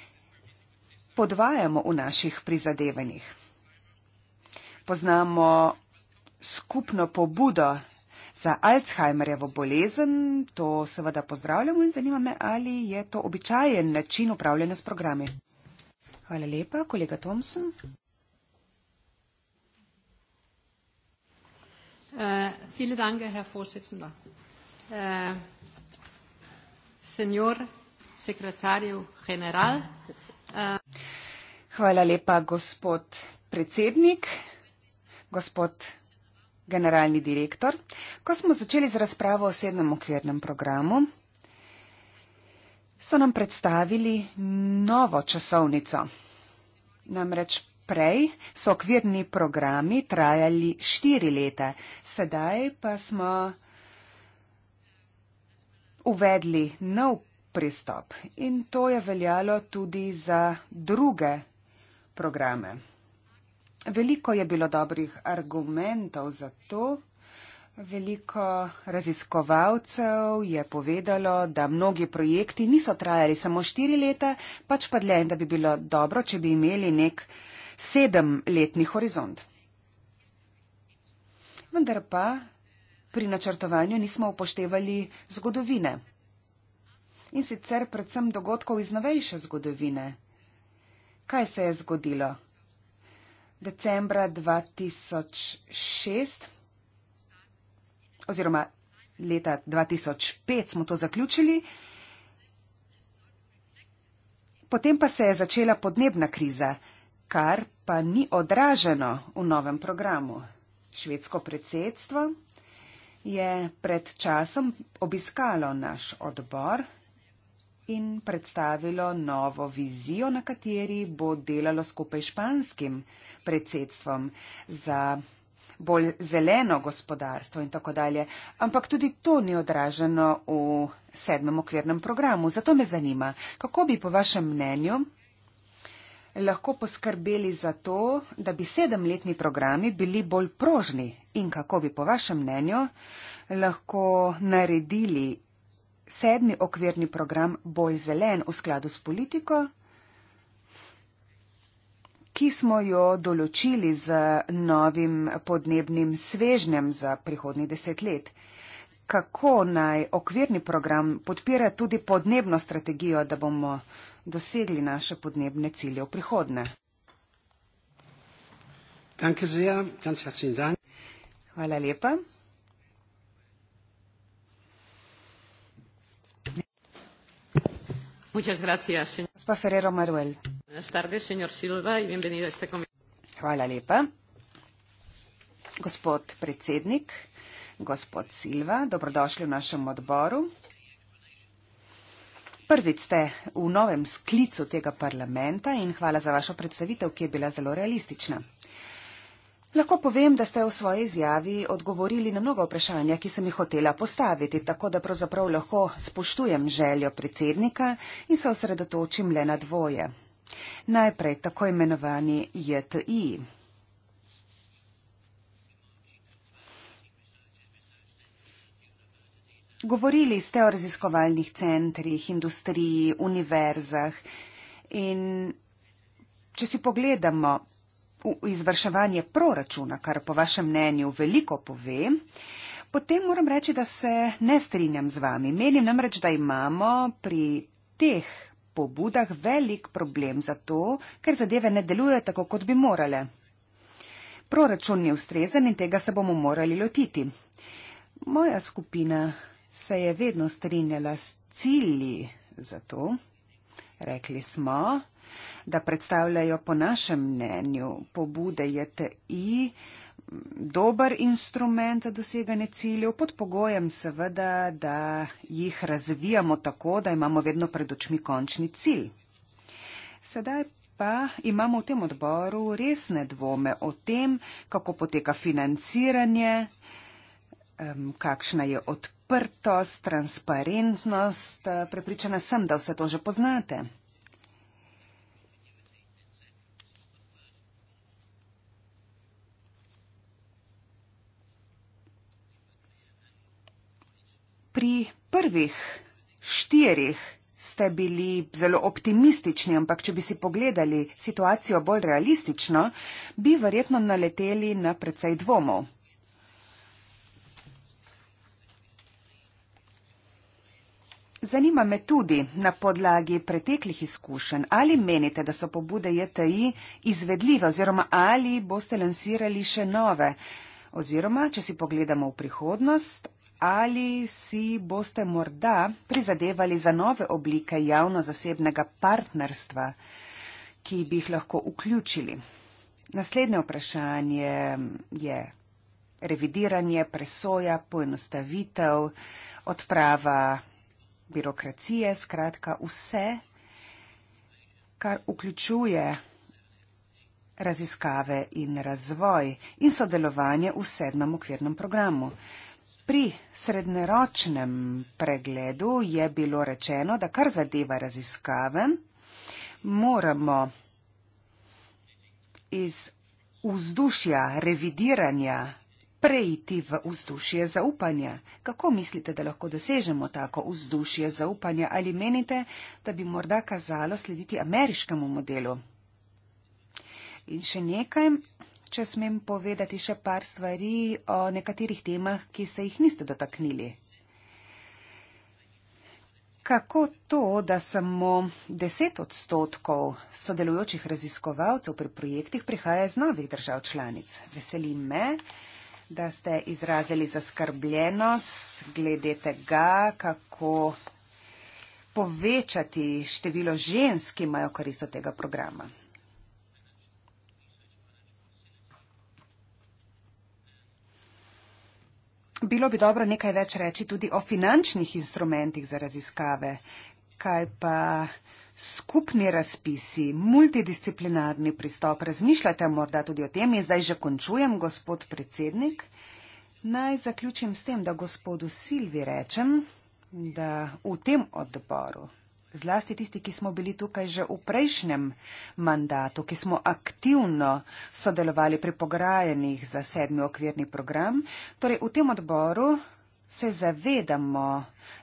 S2: podvajamo v naših prizadevanjih? Poznamo skupno pobudo za Alzheimerjevo bolezen, to seveda pozdravljamo in zanima me, ali je to običajen način upravljanja s programi. Hvala lepa, kolega Thompson.
S1: Uh, viele Dank, Herr Vorsitzender. Uh, eh, senior Sekretarju
S2: General. Uh, Hvala lepa, gospod predsednik, gospod generalni direktor. Ko smo začeli z razpravo o sednem okvirnem programu, so nam predstavili novo časovnico. Namreč Prej so okvirni programi trajali štiri leta, sedaj pa smo uvedli nov pristop in to je veljalo tudi za druge programe. Veliko je bilo dobrih argumentov za to. Veliko raziskovalcev je povedalo, da mnogi projekti niso trajali samo štiri leta, pač pa dlje, da bi bilo dobro, če bi imeli nek sedemletni horizont. Vendar pa pri načrtovanju nismo upoštevali zgodovine in sicer predvsem dogodkov iz novejše zgodovine. Kaj se je zgodilo? Decembra 2006 oziroma leta 2005 smo to zaključili, potem pa se je začela podnebna kriza kar pa ni odraženo v novem programu. Švedsko predsedstvo je pred časom obiskalo naš odbor in predstavilo novo vizijo, na kateri bo delalo skupaj španskim predsedstvom za bolj zeleno gospodarstvo in tako dalje. Ampak tudi to ni odraženo v sedmem okvirnem programu. Zato me zanima, kako bi po vašem mnenju lahko poskrbeli za to, da bi sedemletni programi bili bolj prožni in kako bi po vašem mnenju lahko naredili sedmi okvirni program bolj zelen v skladu s politiko, ki smo jo določili z novim podnebnim svežnjem za prihodnji deset let. Kako naj okvirni program podpira tudi podnebno strategijo, da bomo dosegli naše podnebne cilje v prihodne. Hvala lepa. Gospa Ferrero Maruel. Hvala lepa. Gospod predsednik, gospod Silva, dobrodošli v našem odboru prvič ste v novem sklicu tega parlamenta in hvala za vašo predstavitev, ki je bila zelo realistična. Lahko povem, da ste v svoji izjavi odgovorili na mnoga vprašanja, ki sem jih hotela postaviti, tako da pravzaprav lahko spoštujem željo predsednika in se osredotočim le na dvoje. Najprej tako imenovani JTI. Govorili ste o raziskovalnih centrih, industriji, univerzah in če si pogledamo izvrševanje proračuna, kar po vašem mnenju veliko pove, potem moram reči, da se ne strinjam z vami. Menim namreč, da imamo pri teh pobudah velik problem zato, ker zadeve ne delujejo tako, kot bi morale. Proračun je ustrezen in tega se bomo morali lotiti. Moja skupina se je vedno strinjala s cilji za to. Rekli smo, da predstavljajo po našem mnenju pobude JTI dober instrument za doseganje ciljev, pod pogojem seveda, da jih razvijamo tako, da imamo vedno pred očmi končni cilj. Sedaj pa imamo v tem odboru resne dvome o tem, kako poteka financiranje, kakšna je odprava odprtost, transparentnost. Prepričana sem, da vse to že poznate. Pri prvih štirih ste bili zelo optimistični, ampak če bi si pogledali situacijo bolj realistično, bi verjetno naleteli na precej dvomov. Zanima me tudi na podlagi preteklih izkušenj, ali menite, da so pobude JTI izvedljive oziroma ali boste lansirali še nove. Oziroma, če si pogledamo v prihodnost, ali si boste morda prizadevali za nove oblike javno-zasebnega partnerstva, ki bi jih lahko vključili. Naslednje vprašanje je revidiranje, presoja, poenostavitev, odprava birokracije, skratka vse, kar vključuje raziskave in razvoj in sodelovanje v sedmem okvirnem programu. Pri srednjeročnem pregledu je bilo rečeno, da kar zadeva raziskave, moramo iz vzdušja revidiranja preiti v vzdušje zaupanja. Kako mislite, da lahko dosežemo tako vzdušje zaupanja ali menite, da bi morda kazalo slediti ameriškemu modelu? In še nekaj, če smem povedati še par stvari o nekaterih temah, ki se jih niste dotaknili. Kako to, da samo 10 odstotkov sodelujočih raziskovalcev pri projektih prihaja iz novih držav članic? Veseli me, da ste izrazili zaskrbljenost glede tega, kako povečati število žensk, ki imajo koristo tega programa. Bilo bi dobro nekaj več reči tudi o finančnih instrumentih za raziskave. Kaj pa skupni razpisi, multidisciplinarni pristop, razmišljate morda tudi o tem in zdaj že končujem, gospod predsednik. Naj zaključim s tem, da gospodu Silvi rečem, da v tem odboru, zlasti tisti, ki smo bili tukaj že v prejšnjem mandatu, ki smo aktivno sodelovali pri pogajanjih za sedmi okvirni program, torej v tem odboru se zavedamo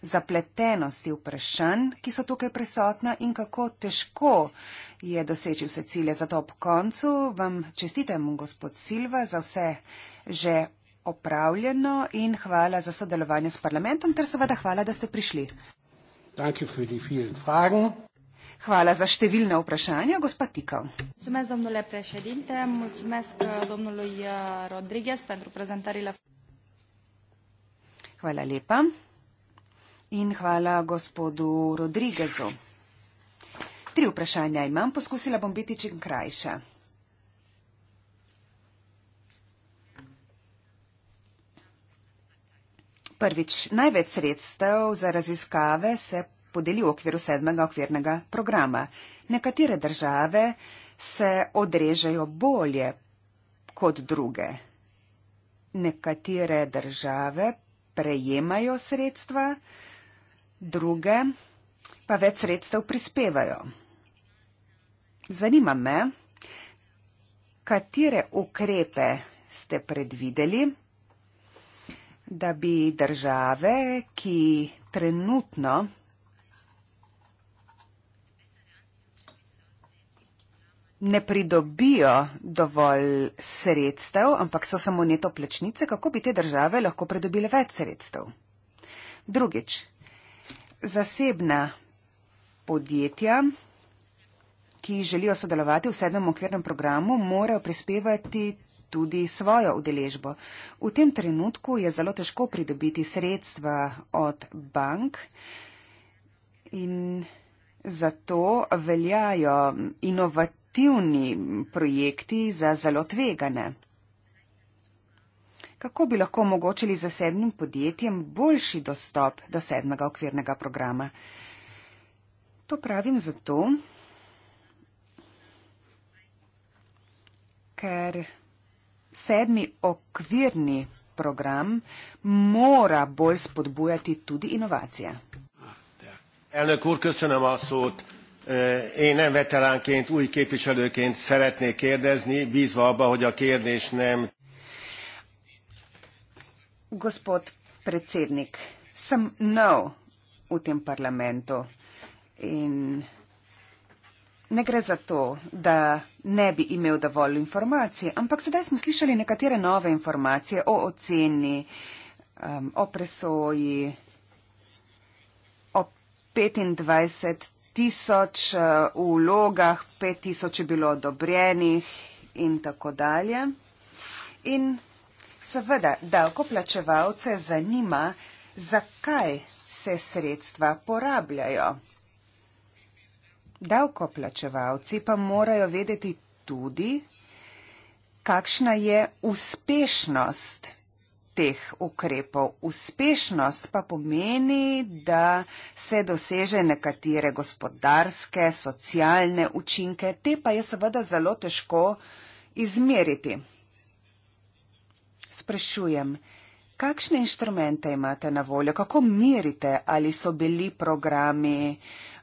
S2: zapletenosti vprašanj, ki so tukaj prisotna in kako težko je doseči vse cilje. Zato ob koncu vam čestitam, gospod Silva, za vse že opravljeno in hvala za sodelovanje s parlamentom, ter seveda hvala, da ste prišli. Hvala za številne vprašanja, gospa Tika.
S3: Mulțumesc, domnule președinte, mulțumesc domnului uh, Rodriguez pentru prezentările.
S2: Hvala lepa. In hvala gospodu Rodrigezu. Tri vprašanja imam, poskusila bom biti čim krajša. Prvič, največ sredstev za raziskave se podeli v okviru sedmega okvirnega programa. Nekatere države se odrežejo bolje kot druge. Nekatere države prejemajo sredstva, druge pa več sredstev prispevajo. Zanima me, katere ukrepe ste predvideli, da bi države, ki trenutno ne pridobijo dovolj sredstev, ampak so samo neto plačnice, kako bi te države lahko pridobile več sredstev. Drugič, zasebna podjetja, ki želijo sodelovati v sedmem okvirnem programu, morajo prispevati tudi svojo udeležbo. V tem trenutku je zelo težko pridobiti sredstva od bank in zato veljajo inovativne inovativni projekti za zelo tvegane. Kako bi lahko omogočili zasebnim podjetjem boljši dostop do sedmega okvirnega programa? To pravim zato, ker sedmi okvirni program mora bolj spodbujati tudi inovacije. Ene kurke se nama sod. Én nem veteránként, új képviselőként szeretnék kérdezni, bízva abba, hogy a kérdés nem. Gospod predsednik, sem nov v tem parlamentu in ne gre za to, da ne bi imel dovolj informacij, ampak sedaj smo slišali nekatere nove informacije o oceni, um, o presoji, o 25 tisoč eh, v vlogah, pet tisoč je bilo odobrenih in tako dalje. In seveda, davkoplačevalce zanima, zakaj se sredstva porabljajo. Davkoplačevalci pa morajo vedeti tudi, kakšna je uspešnost teh ukrepov. Uspešnost pa pomeni, da se doseže nekatere gospodarske, socialne učinke, te pa je seveda zelo težko izmeriti. Sprašujem, kakšne inštrumente imate na voljo, kako merite, ali so bili programi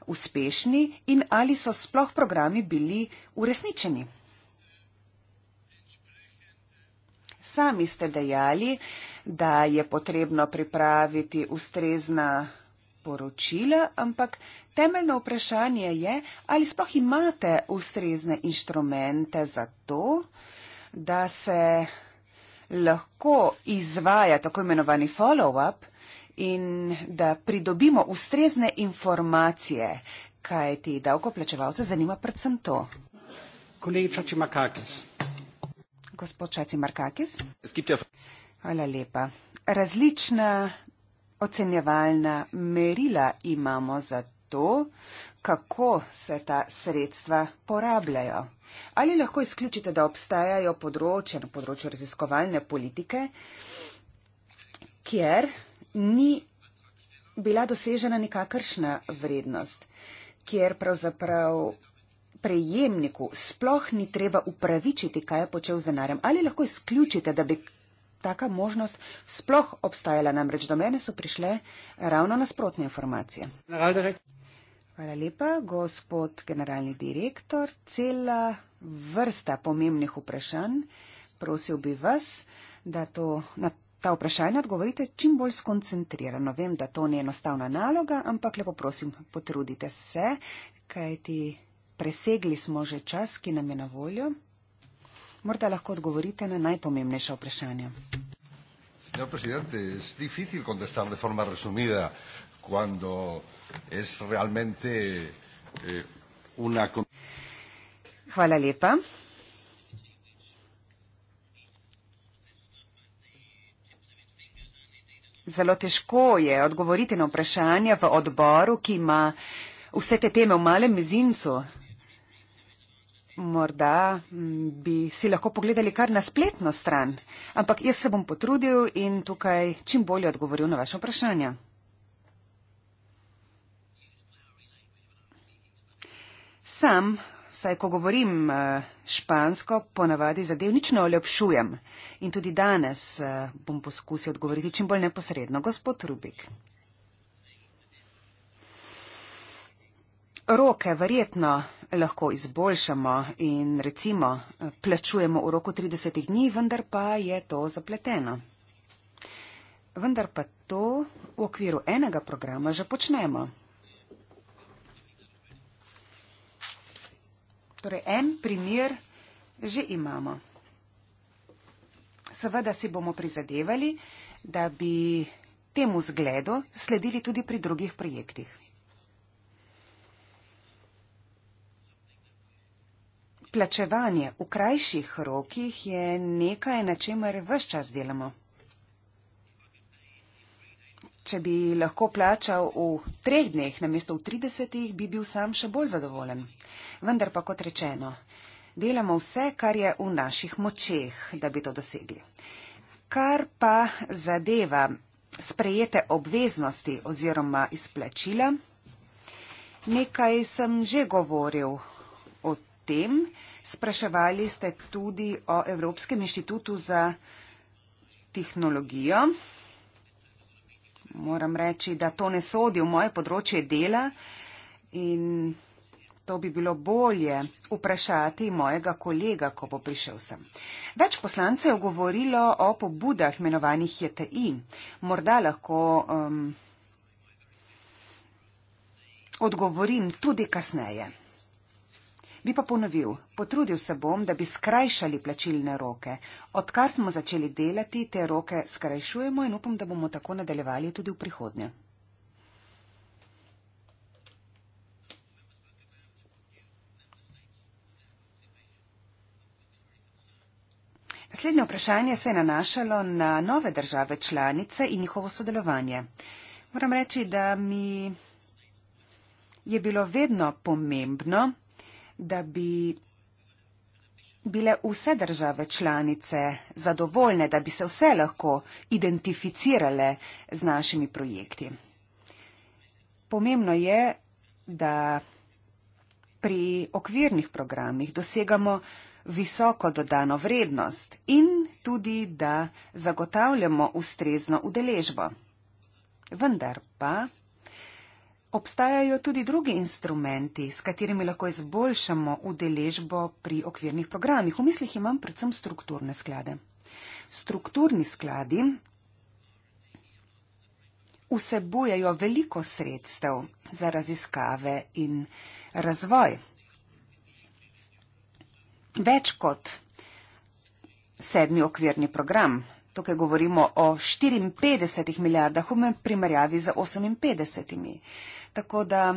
S2: uspešni in ali so sploh programi bili uresničeni? sami ste dejali, da je potrebno pripraviti ustrezna poročila, ampak temeljno vprašanje je, ali sploh imate ustrezne inštrumente za to, da se lahko izvaja tako imenovani follow-up in da pridobimo ustrezne informacije, kaj ti davkoplačevalce zanima predvsem to. Kolegica Čimakakis gospod Čacimarkakis. Ja Hvala lepa. Različna ocenjevalna merila imamo za to, kako se ta sredstva porabljajo. Ali lahko izključite, da obstajajo področje na področju raziskovalne politike, kjer ni bila dosežena nikakršna vrednost, kjer pravzaprav prejemniku sploh ni treba upravičiti, kaj je počel z denarjem. Ali lahko izključite, da bi taka možnost sploh obstajala? Namreč do mene so prišle ravno nasprotne informacije. Hvala lepa, gospod generalni direktor. Cela vrsta pomembnih vprašanj. Prosil bi vas, da to, na ta vprašanja odgovorite čim bolj skoncentrirano. Vem, da to ni enostavna naloga, ampak lepo prosim, potrudite se, kajti presegli smo že čas, ki nam je na voljo. Morda lahko odgovorite na najpomembnejša vprašanja.
S1: Señor presidente, es difícil contestar de forma
S2: resumida cuando es realmente eh, una. Hvala lepa. Zelo težko je odgovoriti na vprašanja v odboru, ki ima vse te teme v malem mezincu. Morda mm, bi si lahko pogledali kar na spletno stran, ampak jaz se bom potrudil in tukaj čim bolje odgovoril na vaše vprašanje. Sam, saj ko govorim eh, špansko, ponavadi zadev nič ne olepšujem in tudi danes eh, bom poskusil odgovoriti čim bolj neposredno, gospod Rubik. Roke verjetno lahko izboljšamo in recimo eh, plačujemo v roku 30 dni, vendar pa je to zapleteno. Vendar pa to v okviru enega programa že počnemo. Torej, en primer že imamo. Seveda si bomo prizadevali, da bi temu zgledu sledili tudi pri drugih projektih. Plačevanje v krajših rokih je nekaj, na čemer vse čas delamo. Če bi lahko plačal v treh dneh namesto v 30, bi bil sam še bolj zadovoljen. Vendar pa kot rečeno, delamo vse, kar je v naših močeh, da bi to dosegli. Kar pa zadeva sprejete obveznosti oziroma izplačila, nekaj sem že govoril tem. Spraševali ste tudi o Evropskem inštitutu za tehnologijo. Moram reči, da to ne sodi v moje področje dela in to bi bilo bolje vprašati mojega kolega, ko bo prišel sem. Več poslancev je govorilo o pobudah imenovanih JTI. Morda lahko um, odgovorim tudi kasneje. Bi pa ponovil, potrudil se bom, da bi skrajšali plačilne roke. Odkar smo začeli delati, te roke skrajšujemo in upam, da bomo tako nadaljevali tudi v prihodnje. Naslednje vprašanje se je nanašalo na nove države članice in njihovo sodelovanje. Moram reči, da mi je bilo vedno pomembno, da bi bile vse države članice zadovoljne, da bi se vse lahko identificirale z našimi projekti. Pomembno je, da pri okvirnih programih dosegamo visoko dodano vrednost in tudi, da zagotavljamo ustrezno udeležbo. Vendar pa Obstajajo tudi drugi instrumenti, s katerimi lahko izboljšamo udeležbo pri okvirnih programih. V mislih imam predvsem strukturne sklade. Strukturni skladi vsebujejo veliko sredstev za raziskave in razvoj. Več kot sedmi okvirni program tukaj govorimo o 54 milijardah v primerjavi z 58. Tako da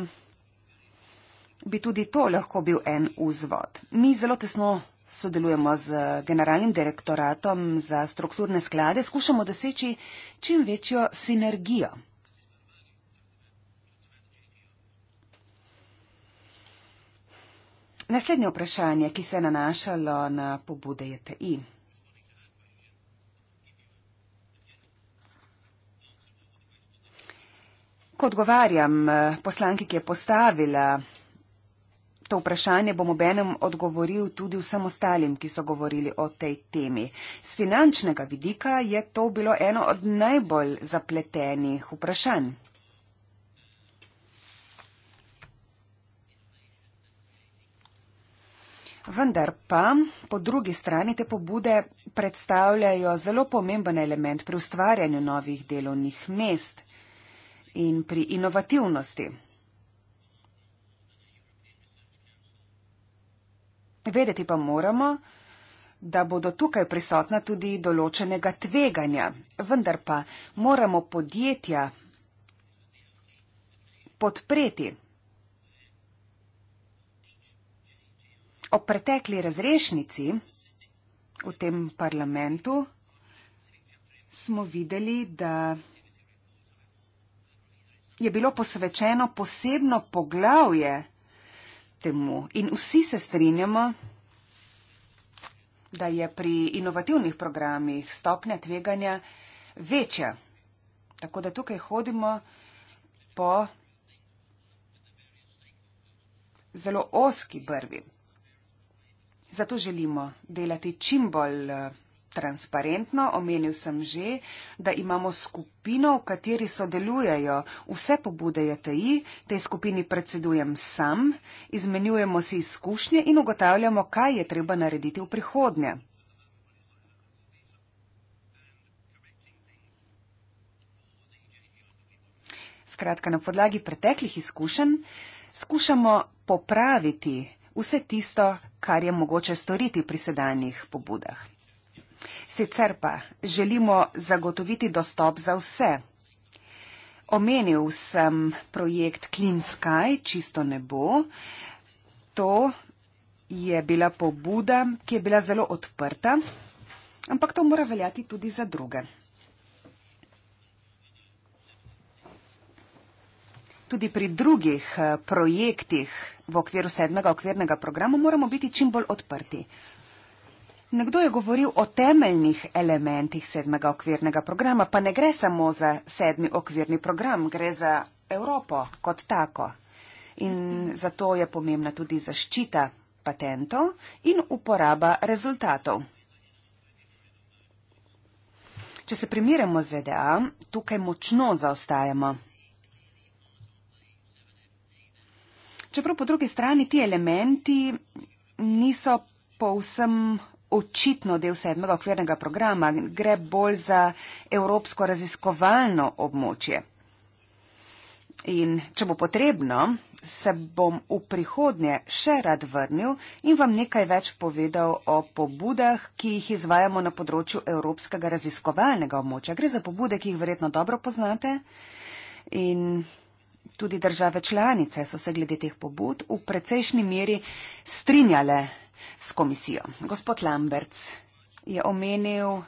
S2: bi tudi to lahko bil en vzvod. Mi zelo tesno sodelujemo z generalnim direktoratom za strukturne sklade, skušamo doseči čim večjo sinergijo. Naslednje vprašanje, ki se je nanašalo na pobude JTI. ko odgovarjam eh, poslanki, ki je postavila to vprašanje, bom ob enem odgovoril tudi vsem ostalim, ki so govorili o tej temi. Z finančnega vidika je to bilo eno od najbolj zapletenih vprašanj. Vendar pa po drugi strani te pobude predstavljajo zelo pomemben element pri ustvarjanju novih delovnih mest in pri inovativnosti. Vedeti pa moramo, da bodo tukaj prisotna tudi določenega tveganja, vendar pa moramo podjetja podpreti. O pretekli razrešnici v tem parlamentu smo videli, da je bilo posvečeno posebno poglavje temu in vsi se strinjamo, da je pri inovativnih programih stopnja tveganja večja. Tako da tukaj hodimo po zelo oski brvi. Zato želimo delati čim bolj transparentno, omenil sem že, da imamo skupino, v kateri sodelujejo vse pobude JTI, tej skupini predsedujem sam, izmenjujemo si izkušnje in ugotavljamo, kaj je treba narediti v prihodnje. Skratka, na podlagi preteklih izkušenj skušamo popraviti vse tisto, kar je mogoče storiti pri sedanjih pobudah. Sicer pa želimo zagotoviti dostop za vse. Omenil sem projekt Clean Sky, čisto nebo. To je bila pobuda, ki je bila zelo odprta, ampak to mora veljati tudi za druge. Tudi pri drugih eh, projektih v okviru sedmega okvirnega programa moramo biti čim bolj odprti. Nekdo je govoril o temeljnih elementih sedmega okvirnega programa, pa ne gre samo za sedmi okvirni program, gre za Evropo kot tako. In zato je pomembna tudi zaščita patentov in uporaba rezultatov. Če se primiramo z ZDA, tukaj močno zaostajamo. Čeprav po drugi strani ti elementi niso povsem očitno del sedmega okvirnega programa, gre bolj za evropsko raziskovalno območje. In če bo potrebno, se bom v prihodnje še rad vrnil in vam nekaj več povedal o pobudah, ki jih izvajamo na področju evropskega raziskovalnega območja. Gre za pobude, ki jih verjetno dobro poznate in tudi države članice so se glede teh pobud v precejšnji meri strinjale s komisijo. Gospod Lamberts je omenil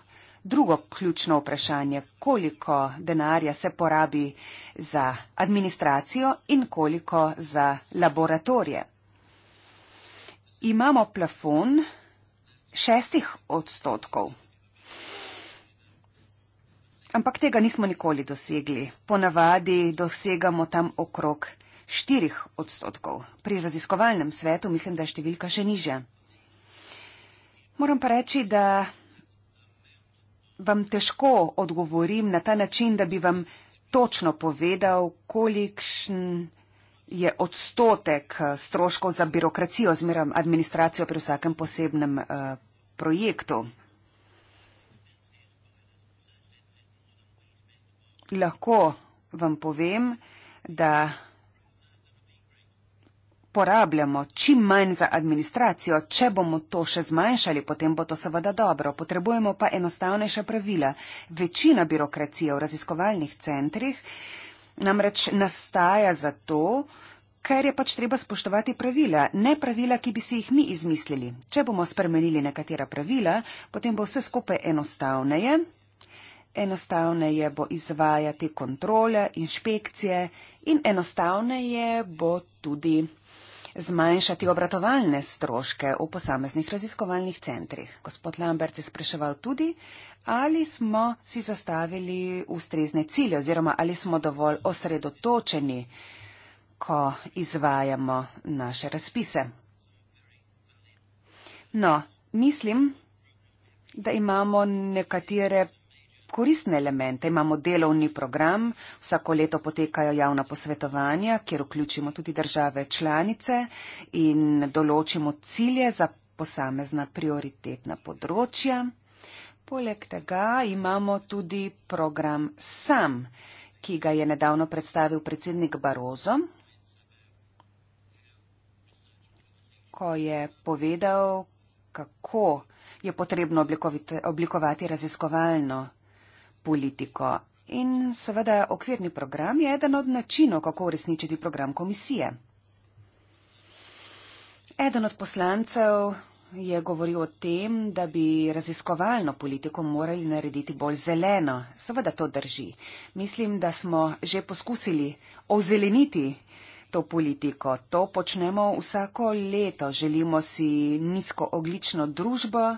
S2: drugo ključno vprašanje, koliko denarja se porabi za administracijo in koliko za laboratorije. Imamo plafon šestih odstotkov. Ampak tega nismo nikoli dosegli. Ponavadi dosegamo tam okrog štirih odstotkov. Pri raziskovalnem svetu mislim, da je številka še nižja. Moram pa reči, da vam težko odgovorim na ta način, da bi vam točno povedal, kolikšen je odstotek eh, stroškov za birokracijo oziroma administracijo pri vsakem posebnem uh, projektu. Lahko vam povem, da porabljamo čim manj za administracijo, če bomo to še zmanjšali, potem bo to seveda dobro. Potrebujemo pa enostavnejša pravila. Večina birokracije v raziskovalnih centrih namreč nastaja zato, ker je pač treba spoštovati pravila, ne pravila, ki bi si jih mi izmislili. Če bomo spremenili nekatera pravila, potem bo vse skupaj enostavneje enostavneje bo izvajati kontrole, inšpekcije in enostavneje bo tudi zmanjšati obratovalne stroške v posameznih raziskovalnih centrih. Gospod Lambert je spraševal tudi, ali smo si zastavili ustrezne cilje oziroma ali smo dovolj osredotočeni, ko izvajamo naše razpise. No, mislim, da imamo nekatere koristne elemente. Imamo delovni program, vsako leto potekajo javna posvetovanja, kjer vključimo tudi države članice in določimo cilje za posamezna prioritetna področja. Poleg tega imamo tudi program SAM, ki ga je nedavno predstavil predsednik Barozo, ko je povedal, kako je potrebno oblikovati raziskovalno politiko. In seveda okvirni program je eden od načinov, kako uresničiti program komisije. Eden od poslancev je govoril o tem, da bi raziskovalno politiko morali narediti bolj zeleno. Seveda to drži. Mislim, da smo že poskusili ozeleniti to politiko. To počnemo vsako leto. Želimo si nizkooglično družbo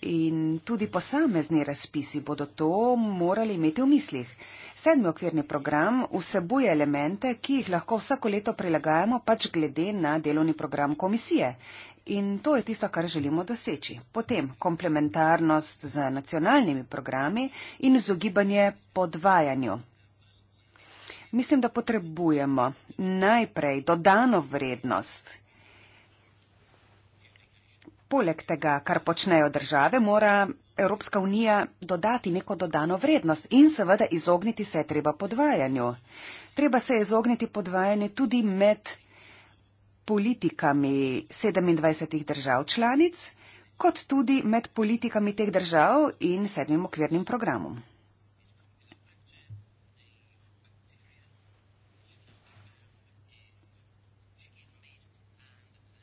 S2: in tudi posamezni razpisi bodo to morali imeti v mislih. Sedmi okvirni program vsebuje elemente, ki jih lahko vsako leto prilagajamo pač glede na delovni program komisije. In to je tisto, kar želimo doseči. Potem komplementarnost z nacionalnimi programi in izogibanje podvajanju. Mislim, da potrebujemo najprej dodano vrednost Poleg tega, kar počnejo države, mora Evropska unija dodati neko dodano vrednost in seveda izogniti se je treba podvajanju. Treba se je izogniti podvajanju tudi med politikami 27 držav članic, kot tudi med politikami teh držav in sedmim okvirnim programom.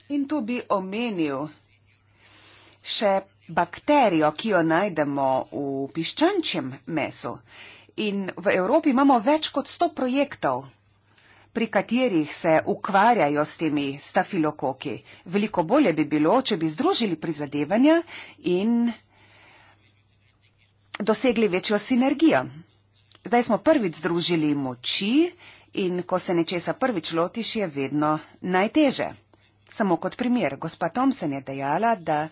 S2: In tu bi omenil, še bakterijo, ki jo najdemo v piščančjem mesu. In v Evropi imamo več kot 100 projektov, pri katerih se ukvarjajo s temi stafilokoki. Veliko bolje bi bilo, če bi združili prizadevanja in dosegli večjo sinergijo. Zdaj smo prvič združili moči in ko se nečesa prvič lotiš, je vedno najteže. Samo kot primer, gospa Tomsen je dejala, da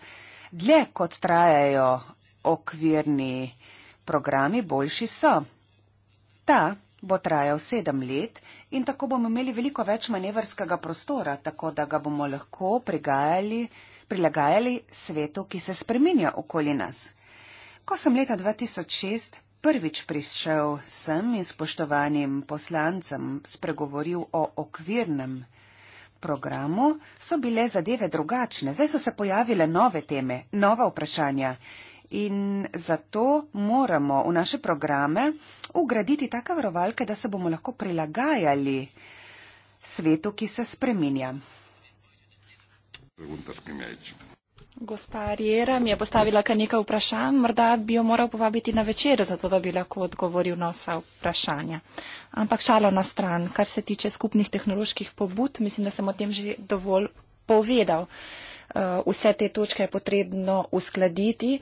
S2: Dlje kot trajajo okvirni programi, boljši so. Ta bo trajal sedem let in tako bomo imeli veliko več manevrskega prostora, tako da ga bomo lahko prilagajali svetu, ki se spreminja okoli nas. Ko sem leta 2006 prvič prišel sem in spoštovanim poslancem spregovoril o okvirnem programu, programu so bile zadeve drugačne, zdaj so se pojavile nove teme, nova vprašanja. In zato moramo v naše programe ugraditi take varovalke, da se bomo lahko prilagajali svetu, ki se spreminja. Preguntas que me ha ja hecho.
S3: Gospa Riera mi je postavila kar nekaj vprašanj, morda bi jo moral povabiti na večer, zato da bi lahko odgovoril na vsa vprašanja. Ampak šalo na stran, kar se tiče skupnih tehnoloških pobud, mislim, da sem o tem že dovolj povedal. Eh, vse te točke je potrebno uskladiti.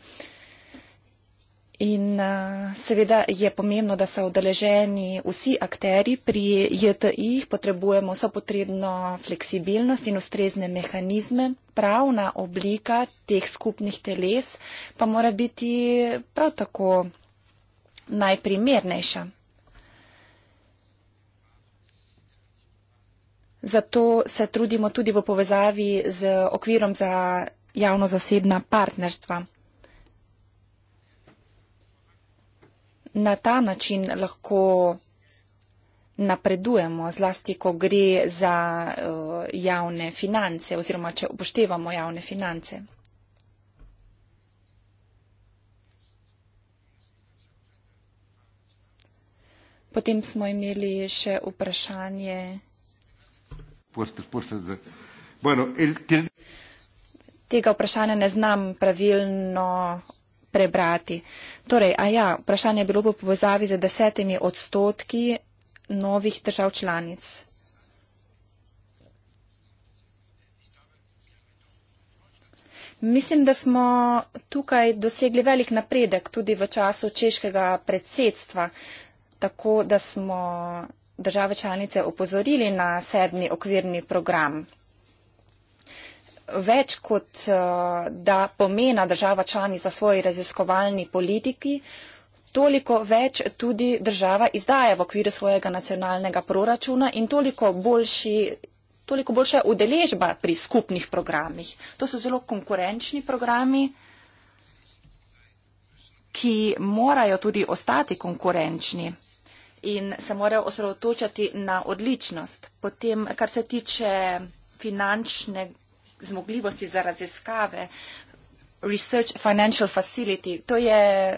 S3: In eh, seveda je pomembno, da so odeleženi vsi akteri pri JTI, potrebujemo vso potrebno fleksibilnost in ustrezne mehanizme. Pravna oblika teh skupnih teles pa mora biti prav tako najprimernejša. Zato se trudimo tudi v povezavi z okvirom za javno-zasebna partnerstva. na ta način lahko napredujemo, zlasti, ko gre za uh, javne finance oziroma, če upoštevamo javne finance. Potem smo imeli še vprašanje. Tega vprašanja ne znam pravilno prebrati. Torej, a ja, vprašanje je bilo po povezavi z desetimi odstotki novih držav članic. Mislim, da smo tukaj dosegli velik napredek tudi v času češkega predsedstva, tako da smo države članice opozorili na sedmi okvirni program več kot eh, da pomena država člani za svoji raziskovalni politiki, toliko več tudi država izdaja v okviru svojega nacionalnega proračuna in toliko boljši toliko boljša udeležba pri skupnih programih. To so zelo konkurenčni programi, ki morajo tudi ostati konkurenčni in se morajo osredotočati na odličnost. Potem, kar se tiče finančnega zmogljivosti za raziskave, Research Financial Facility. To je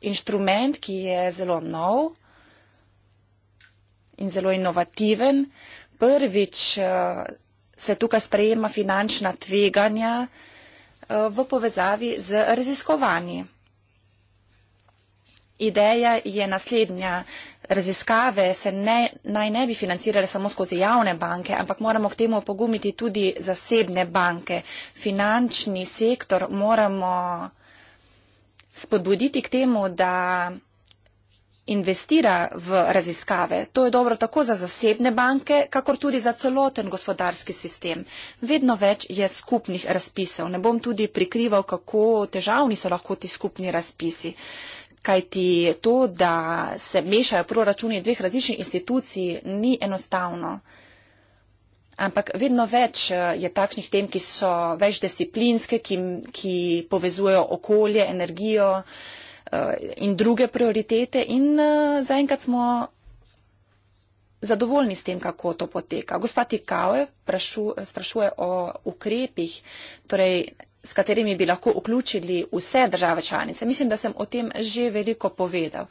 S3: inštrument, ki je zelo nov in zelo inovativen. Prvič eh, se tukaj sprejema finančna tveganja eh, v povezavi z raziskovanji. Ideja je naslednja raziskave se ne, naj ne bi financirale samo skozi javne banke, ampak moramo k temu pogumiti tudi zasebne banke. Finančni sektor moramo spodbuditi k temu, da investira v raziskave. To je dobro tako za zasebne banke, kakor tudi za celoten gospodarski sistem. Vedno več je skupnih razpisev. Ne bom tudi prikrival, kako težavni so lahko ti skupni razpisi. Uh, kajti to, da se mešajo proračuni dveh različnih institucij, ni enostavno. Ampak vedno več eh, je takšnih tem, ki so večdisciplinske, ki, ki povezujejo okolje, energijo eh, in druge prioritete in eh, zaenkrat smo zadovoljni s tem, kako to poteka. Gospa Tikave sprašuje o ukrepih, torej s katerimi bi lahko vključili vse države članice. Mislim, da sem o tem že veliko povedal.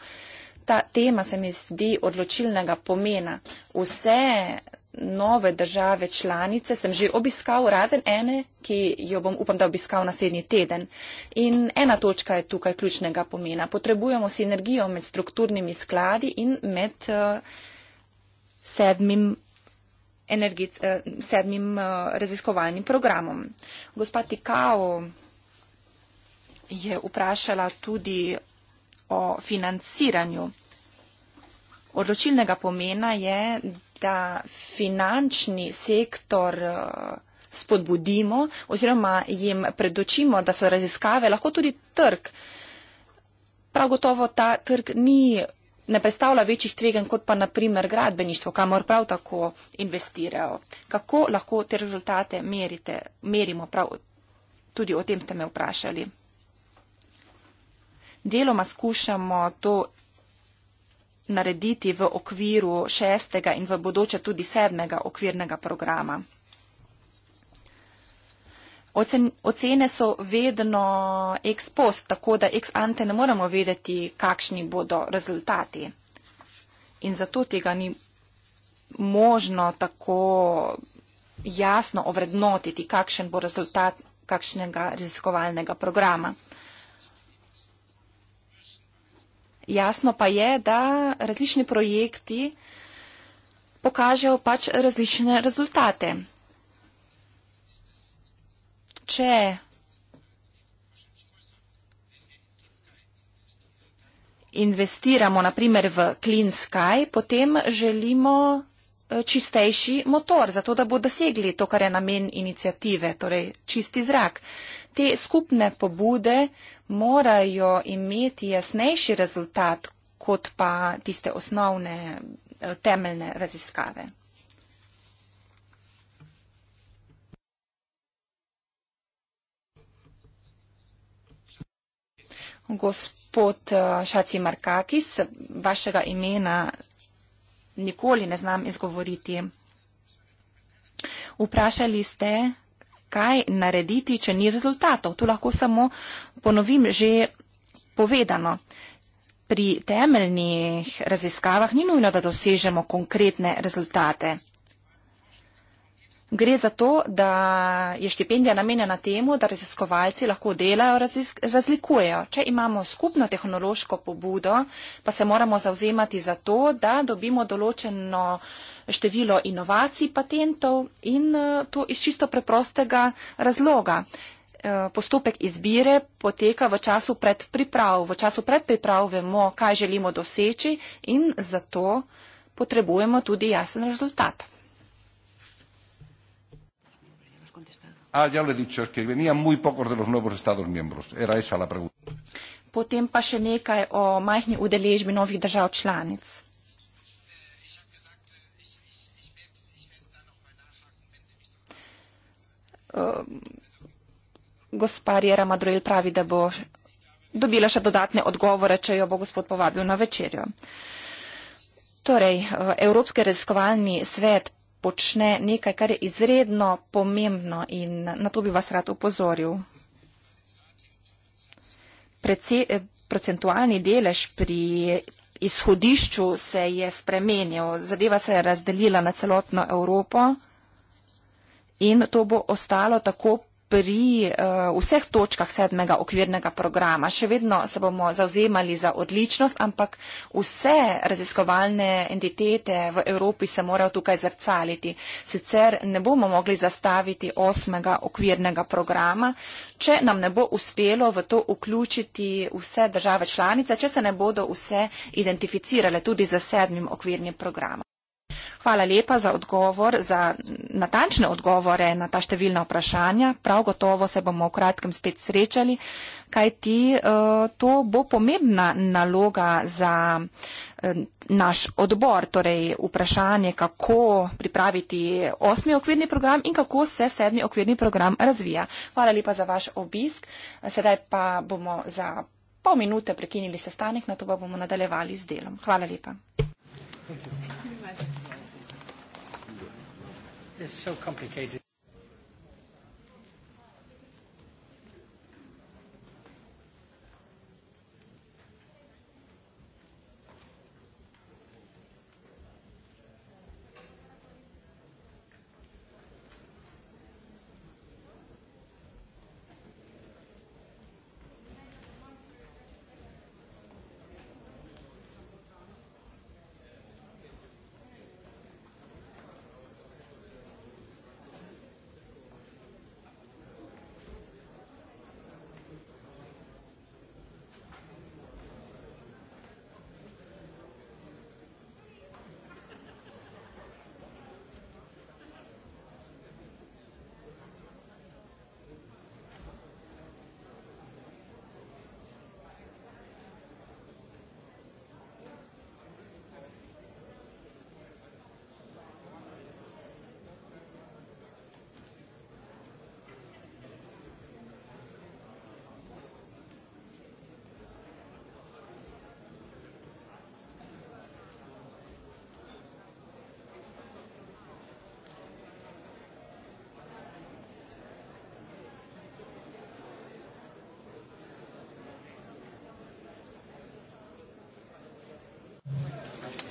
S3: Ta tema se mi zdi odločilnega pomena. Vse nove države članice sem že obiskal, razen ene, ki jo bom upam, da obiskal naslednji teden. In ena točka je tukaj ključnega pomena. Potrebujemo sinergijo med strukturnimi skladi in med uh, sedmim energic, eh, sedmim eh, raziskovalnim programom. Gospa Tikao je vprašala tudi o financiranju. Odločilnega pomena je, da finančni sektor eh, spodbudimo oziroma jim predočimo, da so raziskave lahko tudi trg. Prav gotovo ta trg ni ne predstavlja večjih tveganj kot pa naprimer gradbeništvo, kamor prav tako investirajo. Kako lahko te rezultate merite, merimo? Prav tudi o tem ste me vprašali. Deloma skušamo to narediti v okviru šestega in v bodoče tudi sedmega okvirnega programa. Ocen, ocene so vedno ex post, tako da ex ante ne moremo vedeti, kakšni bodo rezultati. In zato tega ni možno tako jasno ovrednotiti, kakšen bo rezultat kakšnega raziskovalnega programa. Jasno pa je, da različni projekti pokažejo pač različne rezultate če investiramo naprimer v Clean Sky, potem želimo eh, čistejši motor, zato da bo dosegli to, kar je namen inicijative, torej čisti zrak. Te skupne pobude morajo imeti jasnejši rezultat kot pa tiste osnovne eh, temeljne raziskave. Gospod eh, Šaci Markakis, vašega imena nikoli ne znam izgovoriti. Vprašali ste, kaj narediti, če ni rezultatov. Tu lahko samo ponovim že povedano. Pri temeljnih raziskavah ni nujno, da dosežemo konkretne rezultate. Gre za to, da je štipendija namenjena temu, da raziskovalci lahko delajo, razlik, razlikujejo. Če imamo skupno tehnološko pobudo, pa se moramo zauzemati za to, da dobimo določeno število inovacij, patentov in eh, to iz čisto preprostega razloga. Eh, postopek izbire poteka v času predpriprav. V času predpriprav vemo, kaj želimo doseči in zato potrebujemo tudi jasen rezultat.
S1: Ah, ya lo he dicho, es que venían muy pocos de los nuevos Estados miembros. Era esa la pregunta.
S3: Potem pa še nekaj o majhni udeležbi novih držav članic. Ehm, Gospodar Madruel pravi, da bo dobila še dodatne odgovore, če jo bo gospod povabil na večerjo. Torej, eh, Evropski raziskovalni svet počne nekaj, kar je izredno pomembno in na to bi vas rad upozoril. Prece, procentualni delež pri izhodišču se je spremenil, zadeva se je razdelila na celotno Evropo in to bo ostalo tako pri uh, vseh točkah sedmega okvirnega programa. Še vedno se bomo zauzemali za odličnost, ampak vse raziskovalne entitete v Evropi se morajo tukaj zrcaliti. Sicer ne bomo mogli zastaviti osmega okvirnega programa, če nam ne bo uspelo v to vključiti vse države članice, če se ne bodo vse identificirale tudi za sedmim okvirnim programom hvala lepa za odgovor, za natančne odgovore na ta številna vprašanja. Prav gotovo se bomo v kratkem spet srečali, kaj ti eh, to bo pomembna naloga za eh, naš odbor, torej vprašanje, kako pripraviti osmi okvirni program in kako se sedmi okvirni program razvija. Hvala lepa za vaš obisk. Sedaj pa bomo za pol minute prekinili sestanek, na to pa bomo nadaljevali z delom. Hvala lepa.
S2: Thank you. is so complicated.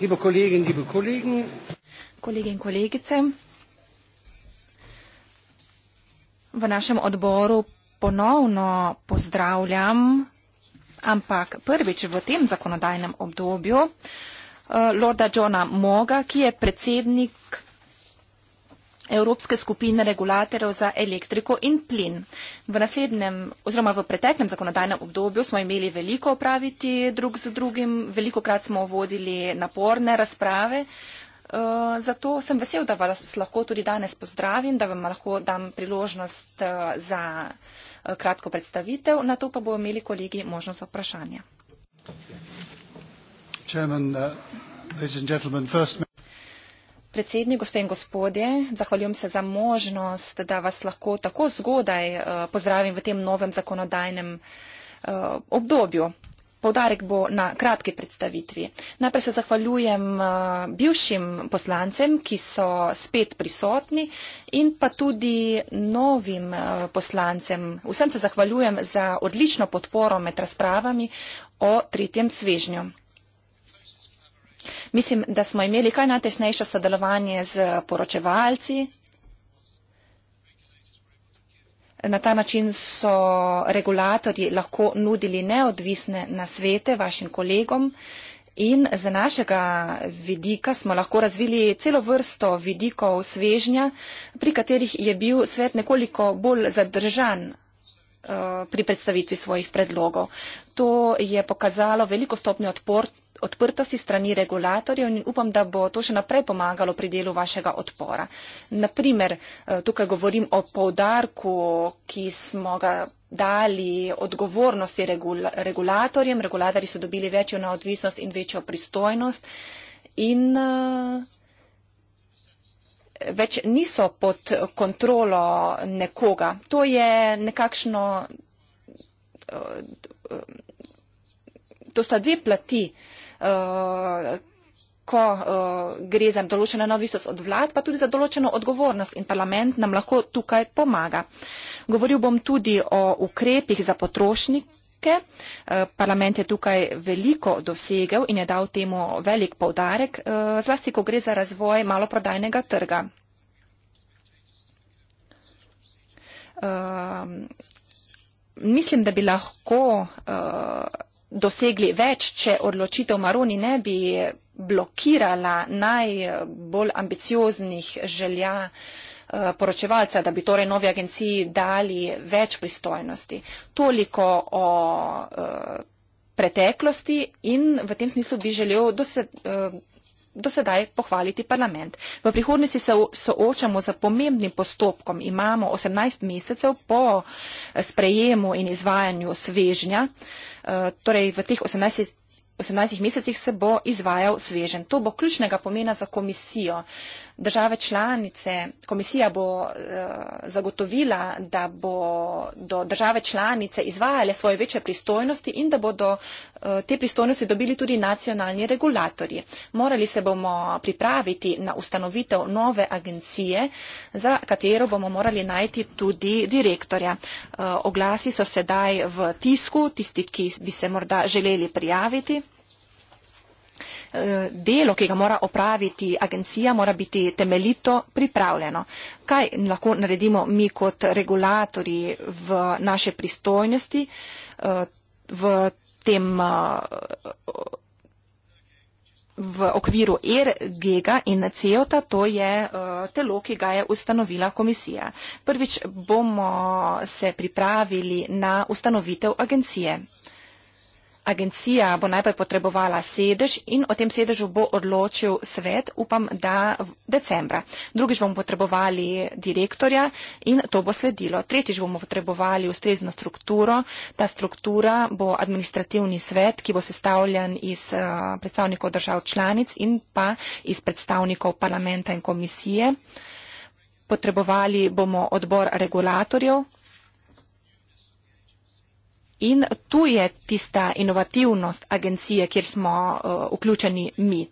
S2: Liebe Kolleginnen, liebe Kollegen.
S3: Kolleginnen, Kollegen. V našem odboru ponovno pozdravljam, ampak prvič v tem zakonodajnem obdobju, eh, Lorda Johna Moga, ki je predsednik Evropske skupine regulatorjev za elektriko in plin. V naslednjem oziroma v preteklem zakonodajnem obdobju smo imeli veliko opraviti drug z drugim, veliko krat smo vodili naporne razprave. Eh, zato sem vesel, da vas lahko tudi danes pozdravim, da vam lahko dam priložnost eh, za eh, kratko predstavitev, na to pa bo imeli kolegi možnost vprašanja. Chairman, uh, Predsednik, gospe in gospodje, zahvaljujem se za možnost, da vas lahko tako zgodaj eh, pozdravim v tem novem zakonodajnem eh, obdobju. Povdarek bo na kratki predstavitvi. Najprej se zahvaljujem eh, bivšim poslancem, ki so spet prisotni in pa tudi novim poslancem. Vsem se zahvaljujem za odlično podporo med razpravami o tretjem svežnju. Mislim, da smo imeli kaj najtesnejšo sodelovanje z poročevalci. Na ta način so regulatorji lahko nudili neodvisne nasvete vašim kolegom in z našega vidika smo lahko razvili celo vrsto vidikov svežnja, pri katerih je bil svet nekoliko bolj zadržan eh, pri predstavitvi svojih predlogov. To je pokazalo veliko stopnjo odpornosti odprtosti strani regulatorjev in upam, da bo to še naprej pomagalo pri delu vašega odpora. Naprimer, eh, tukaj govorim o povdarku, ki smo ga dali odgovornosti regula regulatorjem. Regulatorji so dobili večjo neodvisnost in večjo pristojnost in uh, več niso pod kontrolo nekoga. To je nekakšno. Uh, uh, to sta dve plati. Uh, Eh, ko eh, gre za določeno neodvisnost od vlad, pa tudi za določeno odgovornost in parlament nam lahko tukaj pomaga. Govoril bom tudi o ukrepih za potrošnike. Eh, parlament je tukaj veliko dosegel in je dal temu velik povdarek, zlasti ko gre za razvoj maloprodajnega trga. Mislim, da bi lahko dosegli več, če odločitev Maroni ne bi blokirala najbolj ambicioznih želja eh, poročevalca, da bi torej novi agenciji dali več pristojnosti. Toliko o eh, preteklosti in v tem smislu bi želel, da se eh, do sedaj pohvaliti parlament. V prihodnosti se soočamo za pomembnim postopkom. Imamo 18 mesecev po eh, sprejemu in izvajanju svežnja, eh, torej v teh 18 V 18 mesecih se bo izvajal svežen. To bo ključnega pomena za komisijo. Uh, države članice, komisija bo eh, zagotovila, da bodo države članice izvajale svoje večje pristojnosti in da bodo eh, te pristojnosti dobili tudi nacionalni regulatorji. Morali se bomo pripraviti na ustanovitev nove agencije, za katero bomo morali najti tudi direktorja. Eh, oglasi so sedaj v tisku, tisti, ki bi se morda želeli prijaviti. Eh, delo, ki ga mora opraviti agencija, mora biti temeljito pripravljeno. Kaj lahko naredimo mi kot regulatori v naše pristojnosti eh, v tem eh, v okviru ERGEGA in CEOTA, to je telo, ki ga je ustanovila komisija. Prvič bomo se pripravili na ustanovitev agencije agencija bo najprej potrebovala sedež in o tem sedežu bo odločil svet, upam, da decembra. Drugič bomo potrebovali direktorja in to bo sledilo. Tretjič bomo potrebovali ustrezno strukturo. Ta struktura bo administrativni svet, ki bo sestavljen iz eh, predstavnikov držav članic in pa iz predstavnikov parlamenta in komisije. Potrebovali bomo odbor regulatorjev, In tu je tista inovativnost agencije, kjer smo uh, vključeni mi.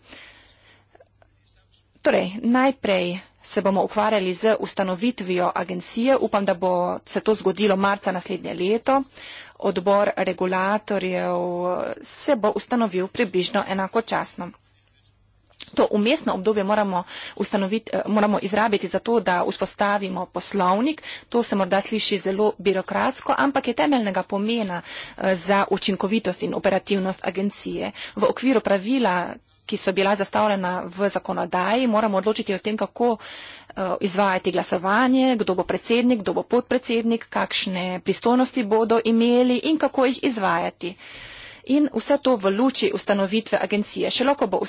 S3: Torej, najprej se bomo ukvarjali z ustanovitvijo agencije. Upam, da bo se to zgodilo marca naslednje leto. Odbor regulatorjev se bo ustanovil približno enakočasno. To umestno obdobje moramo, eh, moramo izrabiti za to, da vzpostavimo poslovnik. To se morda sliši zelo birokratsko, ampak je temeljnega pomena eh, za učinkovitost in operativnost agencije. V okviru pravila, ki so bila zastavljena v zakonodaji, moramo odločiti o tem, kako eh, izvajati glasovanje, kdo bo predsednik, kdo bo podpredsednik, kakšne pristojnosti bodo imeli in kako jih izvajati in vse to v luči ustanovitve agencije. Šele ko bo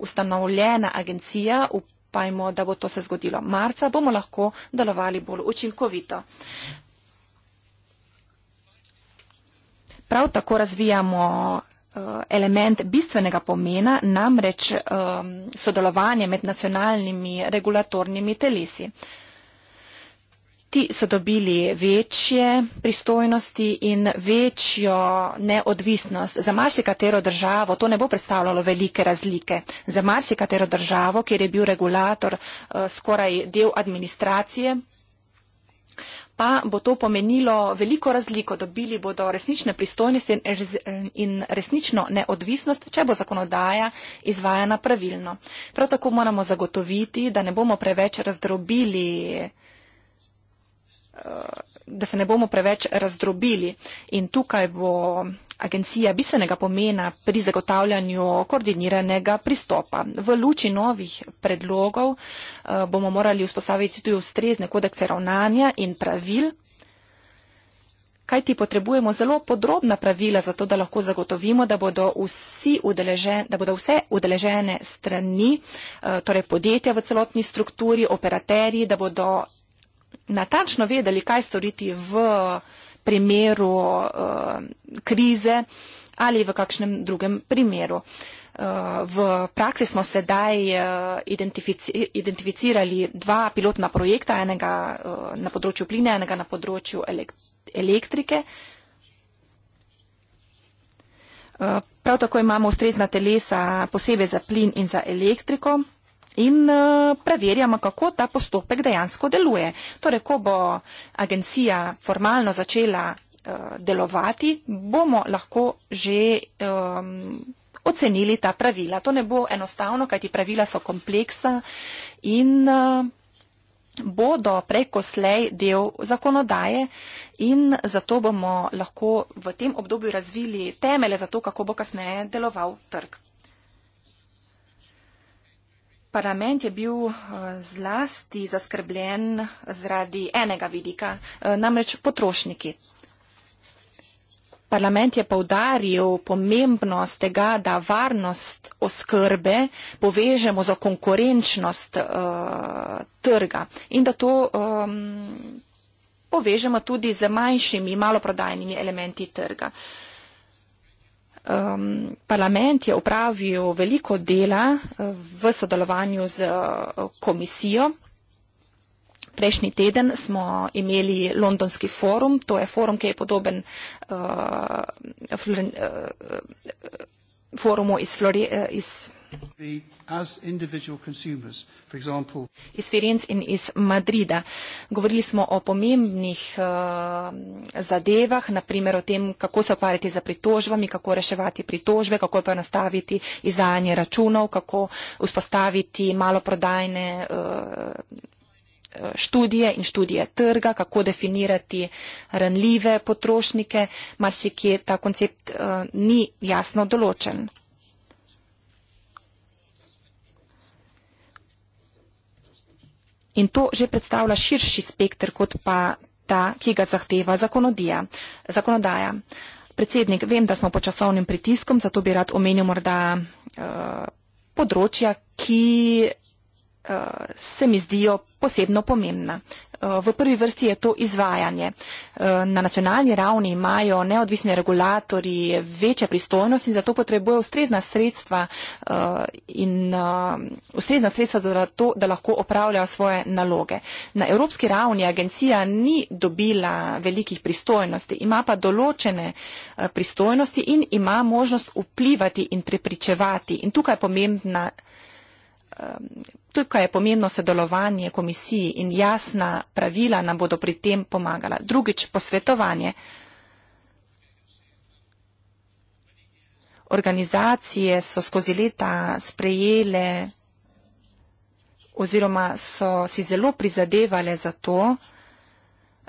S3: ustanovljena agencija, upajmo, da bo to se zgodilo marca, bomo lahko delovali bolj učinkovito. Prav tako razvijamo eh, element bistvenega pomena, namreč eh, sodelovanje med nacionalnimi regulatornimi telesi. Kmeti so dobili večje pristojnosti in večjo neodvisnost. Za marsikatero državo to ne bo predstavljalo velike razlike. Za marsikatero državo, kjer je bil regulator eh, skoraj del administracije, pa bo to pomenilo veliko razliko. Dobili bodo resnične pristojnosti in resnično neodvisnost, če bo zakonodaja izvajana pravilno. Prav tako moramo zagotoviti, da ne bomo preveč razdrobili Eh, da se ne bomo preveč razdrobili. In tukaj bo agencija bistvenega pomena pri zagotavljanju koordiniranega pristopa. V luči novih predlogov eh, bomo morali vzpostaviti tudi ustrezne kodekse ravnanja in pravil, kaj ti potrebujemo zelo podrobna pravila, zato da lahko zagotovimo, da bodo, udeležen, da bodo vse udeležene strani, eh, torej podjetja v celotni strukturi, operaterji, da bodo natančno vedeli, kaj storiti v primeru uh, krize ali v kakšnem drugem primeru. Eh, v praksi smo sedaj eh, identificirali dva pilotna projekta, enega na področju plina, enega na področju elektrike. Prav tako imamo ustrezna telesa posebej za plin in za elektriko in eh, preverjamo, kako ta postopek dejansko deluje. Torej, ko bo agencija formalno začela eh, delovati, bomo lahko že um, ocenili ta pravila. To ne bo enostavno, kajti pravila so kompleksa in uh, bodo preko slej del zakonodaje in zato bomo lahko v tem obdobju razvili temele za to, kako bo kasneje deloval trg. Parlament je bil eh, zlasti zaskrbljen zaradi enega vidika, eh, namreč potrošniki. Parlament je povdaril pomembnost tega, da varnost oskrbe povežemo za konkurenčnost uh, trga in da to um, povežemo tudi z manjšimi maloprodajnimi elementi trga. Uh, um, parlament je upravil veliko dela uh, v sodelovanju z uh, komisijo. Prejšnji teden smo imeli londonski forum, to je forum, ki je podoben uh, uh forumu iz Florije. Uh, Iz Firenc in iz Madrida. Govorili smo o pomembnih uh, zadevah, naprimer o tem, kako se oparjati za pritožbami, kako reševati pritožbe, kako pa nastaviti izdajanje računov, kako vzpostaviti maloprodajne. Uh, študije in študije trga, kako definirati ranljive potrošnike, marsikje ta koncept uh, ni jasno določen. In to že predstavlja širši spektr, kot pa ta, ki ga zahteva zakonodaja. Predsednik, vem, da smo pod časovnim pritiskom, zato bi rad omenil morda eh, področja, ki eh, se mi zdijo posebno pomembna. Eh, v prvi vrsti je to izvajanje. Eh, na nacionalni ravni imajo neodvisni regulatori večja pristojnost in zato potrebujejo ustrezna sredstva eh, in ustrezna sredstva za to, da lahko opravljajo svoje naloge. Na evropski ravni agencija ni dobila velikih pristojnosti, ima pa določene pristojnosti in ima možnost vplivati in prepričevati. In tukaj je pomembna Ehm, tukaj je pomembno sodelovanje komisiji in jasna pravila nam bodo pri tem pomagala. Drugič, posvetovanje. Organizacije so skozi leta sprejele oziroma so si zelo prizadevale za to,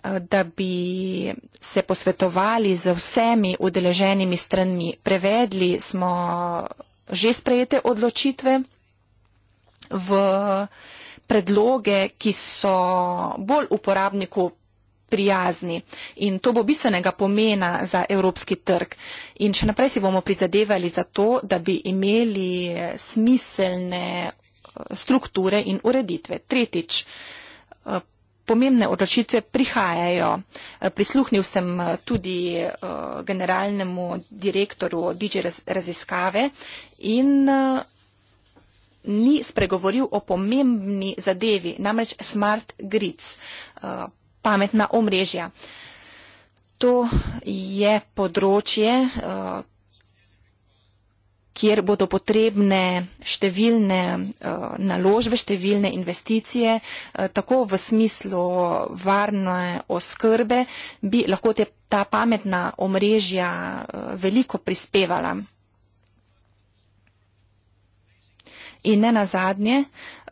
S3: eh, da bi se posvetovali z vsemi udeleženimi stranmi. Prevedli smo že sprejete odločitve v predloge, ki so bolj uporabniku prijazni. In to bo bistvenega pomena za evropski trg. In še naprej si bomo prizadevali za to, da bi imeli smiselne eh, strukture in ureditve. Tretjič, eh, pomembne odločitve prihajajo. Eh, prisluhnil sem tudi generalnemu direktoru DJ raziskave in ni spregovoril o pomembni zadevi, namreč smart grids, eh, pametna omrežja. To je področje, eh, kjer bodo potrebne številne eh, naložbe, številne investicije, tako v smislu varne oskrbe bi lahko ta pametna omrežja veliko prispevala. in ne nazadnje,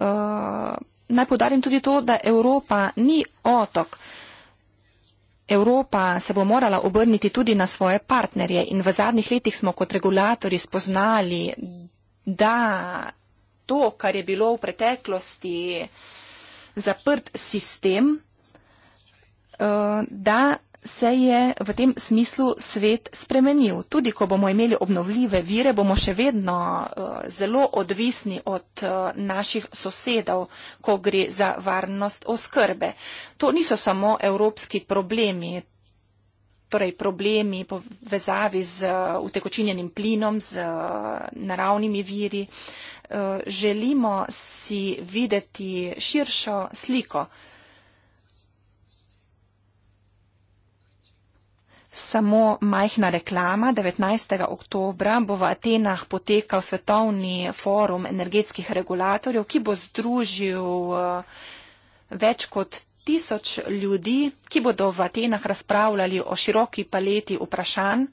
S3: uh, naj podarim tudi to, da Evropa ni otok. Evropa se bo morala obrniti tudi na svoje partnerje in v zadnjih letih smo kot regulatori spoznali, da to, kar je bilo v preteklosti zaprt sistem, uh, da se je v tem smislu svet spremenil. Tudi, ko bomo imeli obnovljive vire, bomo še vedno eh, zelo odvisni od eh, naših sosedov, ko gre za varnost oskrbe. To niso samo evropski problemi, torej problemi povezavi z eh, utekočinjenim plinom, z naravnimi viri. Želimo si videti širšo sliko. samo majhna reklama. 19. oktober bo v Atenah potekal svetovni forum energetskih regulatorjev, ki bo združil eh, več kot tisoč ljudi, ki bodo v Atenah razpravljali o široki paleti vprašanj.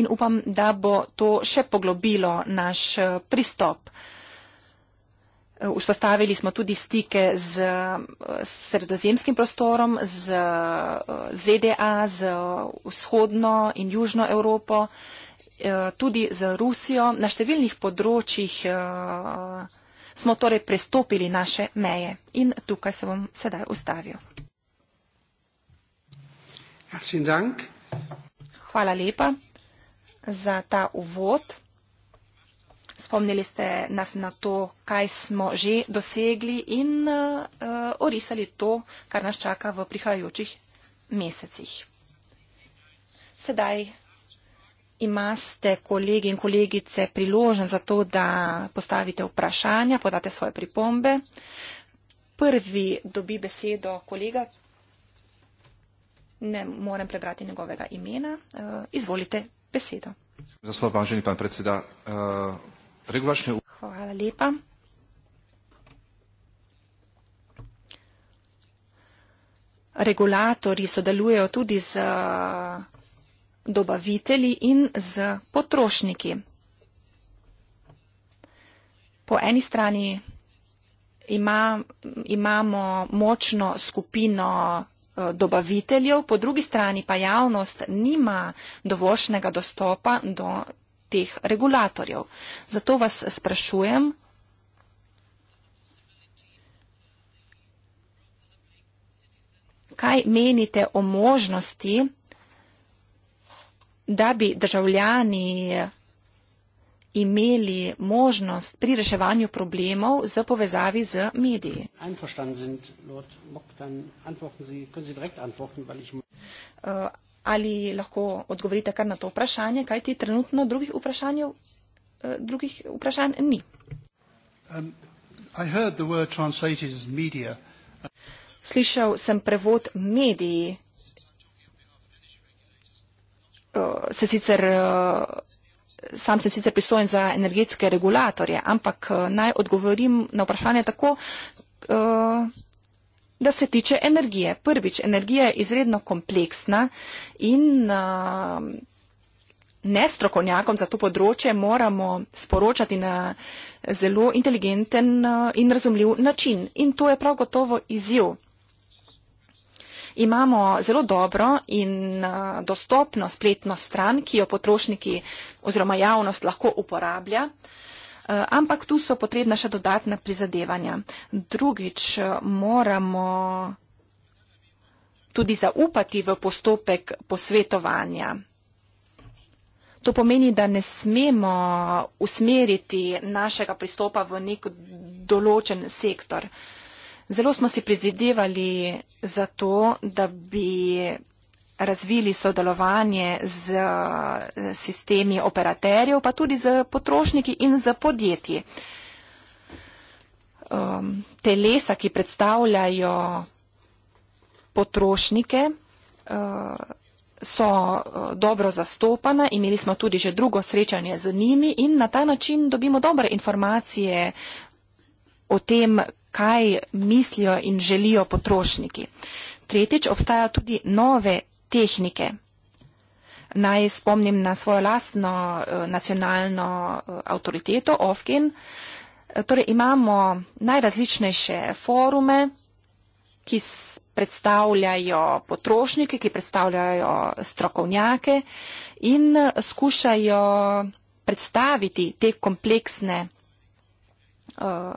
S3: In upam, da bo to še poglobilo naš eh, pristop. Vzpostavili smo tudi stike z sredozemskim prostorom, z ZDA, z vzhodno in južno Evropo, eh, tudi z Rusijo. Na številnih področjih eh, smo torej prestopili naše meje in tukaj se bom sedaj ustavil. Hvala lepa za ta uvod spomnili ste nas na to, kaj smo že dosegli in uh, orisali to, kar nas čaka v prihajajočih mesecih. Sedaj imate kolegi in kolegice priložen za to, da postavite vprašanja, podate svoje pripombe. Prvi dobi besedo kolega. Ne morem prebrati njegovega imena. Uh, izvolite besedo.
S1: Zaslo, pan predseda, regulačne uredbe.
S3: Hvala lepa. Regulatorji sodelujejo tudi z uh, dobavitelji in z potrošniki. Po eni strani ima, imamo močno skupino uh, dobaviteljev, po drugi strani pa javnost nima dovoljšnega dostopa do teh regulatorjev. Zato vas sprašujem, kaj menite o možnosti, da bi državljani imeli možnost pri reševanju problemov z povezavi z mediji. Uh, ali lahko odgovorite kar na to vprašanje, kaj ti trenutno drugih, eh, drugih vprašanj ni. Um, Slišal sem prevod mediji. Se sicer, sam sem sicer pristojen za energetske regulatorje, ampak eh, naj odgovorim na vprašanje tako. Uh, da se tiče energije. Prvič, energija je izredno kompleksna in um, nestrokovnjakom za to področje moramo sporočati na zelo inteligenten uh, in razumljiv način. In to je prav gotovo izjiv. Imamo zelo dobro in uh, dostopno spletno stran, ki jo potrošniki oziroma javnost lahko uporablja. Eh, ampak tu so potrebna še dodatna prizadevanja. Drugič, eh, moramo tudi zaupati v postopek posvetovanja. To pomeni, da ne smemo usmeriti našega pristopa v nek določen sektor. Zelo smo si prizadevali za to, da bi razvili sodelovanje z eh, sistemi operaterjev, pa tudi z potrošniki in z podjetji. Ehm, telesa, ki predstavljajo potrošnike, eh, so eh, dobro zastopana, imeli smo tudi že drugo srečanje z njimi in na ta način dobimo dobre informacije o tem, kaj mislijo in želijo potrošniki. Tretjič, obstajajo tudi nove tehnike. Naj spomnim na svojo lastno eh, nacionalno eh, avtoriteto, OFGIN. Eh, torej imamo najrazličnejše forume, ki predstavljajo potrošnike, ki predstavljajo strokovnjake in skušajo predstaviti te kompleksne uh,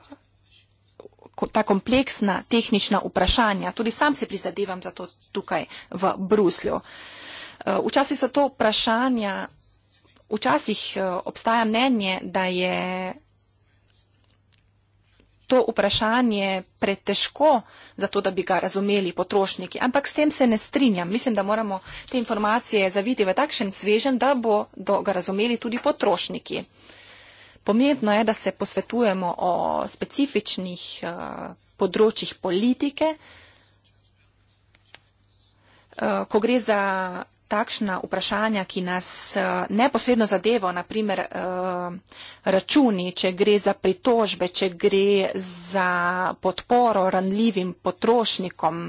S3: ta kompleksna tehnična vprašanja. Tudi sam se prizadevam za to tukaj v Bruslju. Eh, včasih so to vprašanja, včasih eh, obstaja mnenje, da je to vprašanje pretežko za to, da bi ga razumeli potrošniki. Ampak s tem se ne strinjam. Mislim, da moramo te informacije zaviti v takšen svežen, da bodo ga razumeli tudi potrošniki. Pomembno je, da se posvetujemo o specifičnih uh, področjih politike. Eh, ko gre za takšna vprašanja, ki nas eh, neposredno zadevo, naprimer računi, če gre za pritožbe, če gre za podporo ranljivim potrošnikom,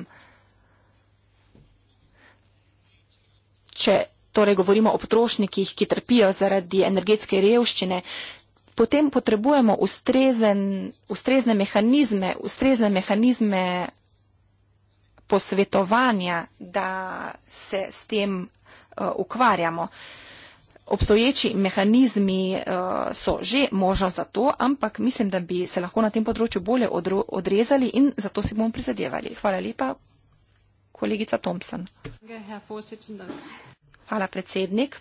S3: če torej govorimo o potrošnikih, ki trpijo zaradi energetske revščine, potem potrebujemo ustrezen, ustrezne mehanizme, ustrezne mehanizme posvetovanja, da se s tem uh, ukvarjamo. Obstoječi mehanizmi uh, so že možno za to, ampak mislim, da bi se lahko na tem področju bolje odrezali in zato si bomo prizadevali. Hvala lepa, kolegica Thompson. Hvala, predsednik.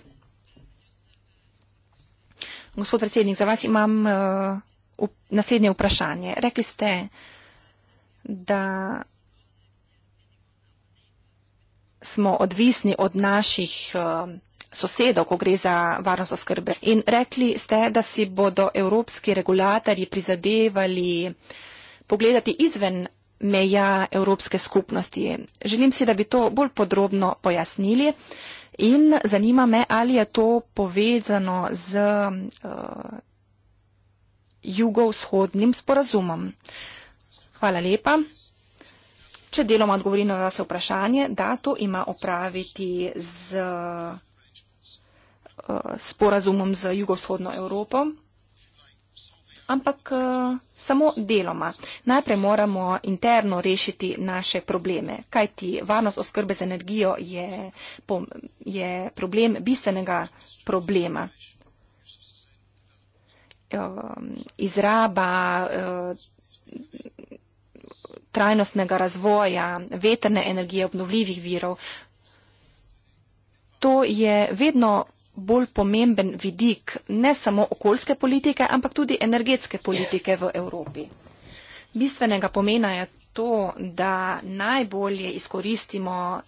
S3: Gospod predsednik, za vas imam uh, up, naslednje vprašanje. Rekli ste, da smo odvisni od naših uh, sosedov, ko gre za varnost oskrbe. In rekli ste, da si bodo evropski regulatorji prizadevali pogledati izven meja Evropske skupnosti. Želim si, da bi to bolj podrobno pojasnili in zanima me, ali je to povezano z uh, jugovzhodnim sporazumom. Hvala lepa. Če deloma odgovori na vaše vprašanje, da to ima opraviti z uh, sporazumom z jugovzhodno Evropo ampak uh, samo deloma. Najprej moramo interno rešiti naše probleme, kajti varnost oskrbe z energijo je, je problem bistvenega problema. Uh, izraba uh, trajnostnega razvoja, veterne energije, obnovljivih virov. To je vedno bolj pomemben vidik ne samo okoljske politike, ampak tudi energetske politike v Evropi. Bistvenega pomena je to, da najbolje izkoristimo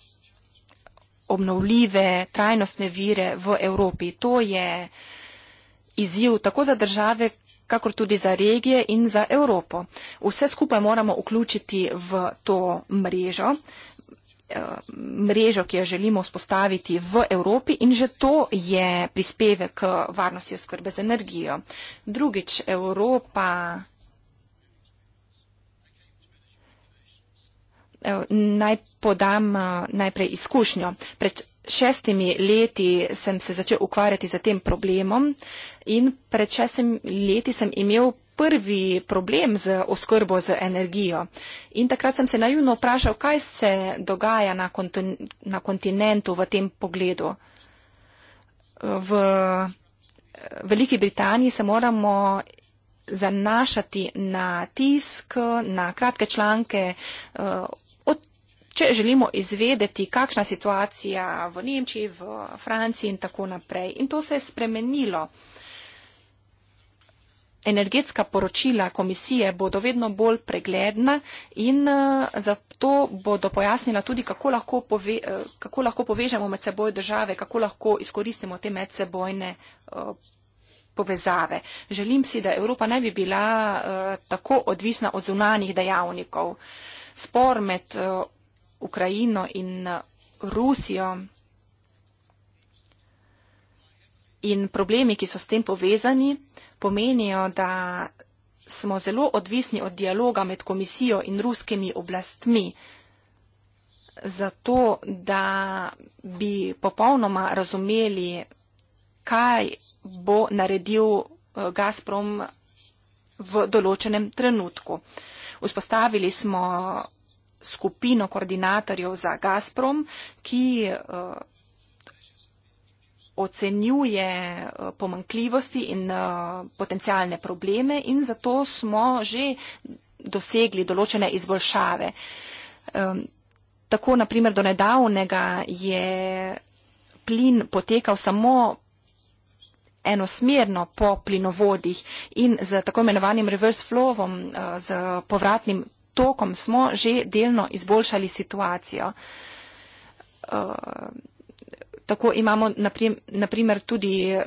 S3: obnovljive trajnostne vire v Evropi. To je izziv tako za države, kakor tudi za regije in za Evropo. Vse skupaj moramo vključiti v to mrežo, Eh, mrežo, ki jo želimo vzpostaviti v Evropi in že to je prispevek k varnosti oskrbe z energijo. Drugič, Evropa eh, naj podam eh, najprej izkušnjo. Pred šestimi leti sem se začel ukvarjati z tem problemom in pred šestimi leti sem imel prvi problem z oskrbo z energijo. In takrat sem se najuno vprašal, kaj se dogaja na, konti, na kontinentu v tem pogledu. V Veliki Britaniji se moramo zanašati na tisk, na kratke članke. Uh, če želimo izvedeti, kakšna situacija v Nemčiji, v Franciji in tako naprej. In to se je spremenilo. Energetska poročila komisije bodo vedno bolj pregledna in eh, zato bodo pojasnila tudi, kako lahko, pove, eh, kako lahko povežemo med seboj države, kako lahko izkoristimo te medsebojne eh, povezave. Želim si, da Evropa ne bi bila tako odvisna od zunanjih dejavnikov. Spor med Ukrajino in eh, Rusijo in problemi, ki so s tem povezani, pomenijo, da smo zelo odvisni od dialoga med komisijo in ruskimi oblastmi, zato da bi popolnoma razumeli, kaj bo naredil eh, Gazprom v določenem trenutku. Vzpostavili smo skupino koordinatorjev za Gazprom, ki eh, ocenjuje eh, pomankljivosti in eh, potencijalne probleme in zato smo že dosegli določene izboljšave. Ehm, tako, naprimer, do nedavnega je plin potekal samo enosmerno po plinovodih in z tako imenovanim reverse flowom, z povratnim tokom smo že delno izboljšali situacijo.
S1: Eh,
S3: tako imamo naprimer tudi eh,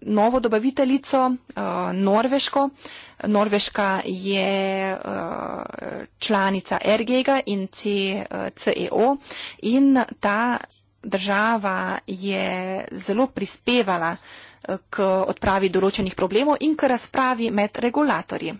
S3: novo dobaviteljico, eh, Norveško. Norveška je članica RGEGA in CEO in ta država je zelo prispevala k odpravi določenih problemov in k razpravi med regulatorji.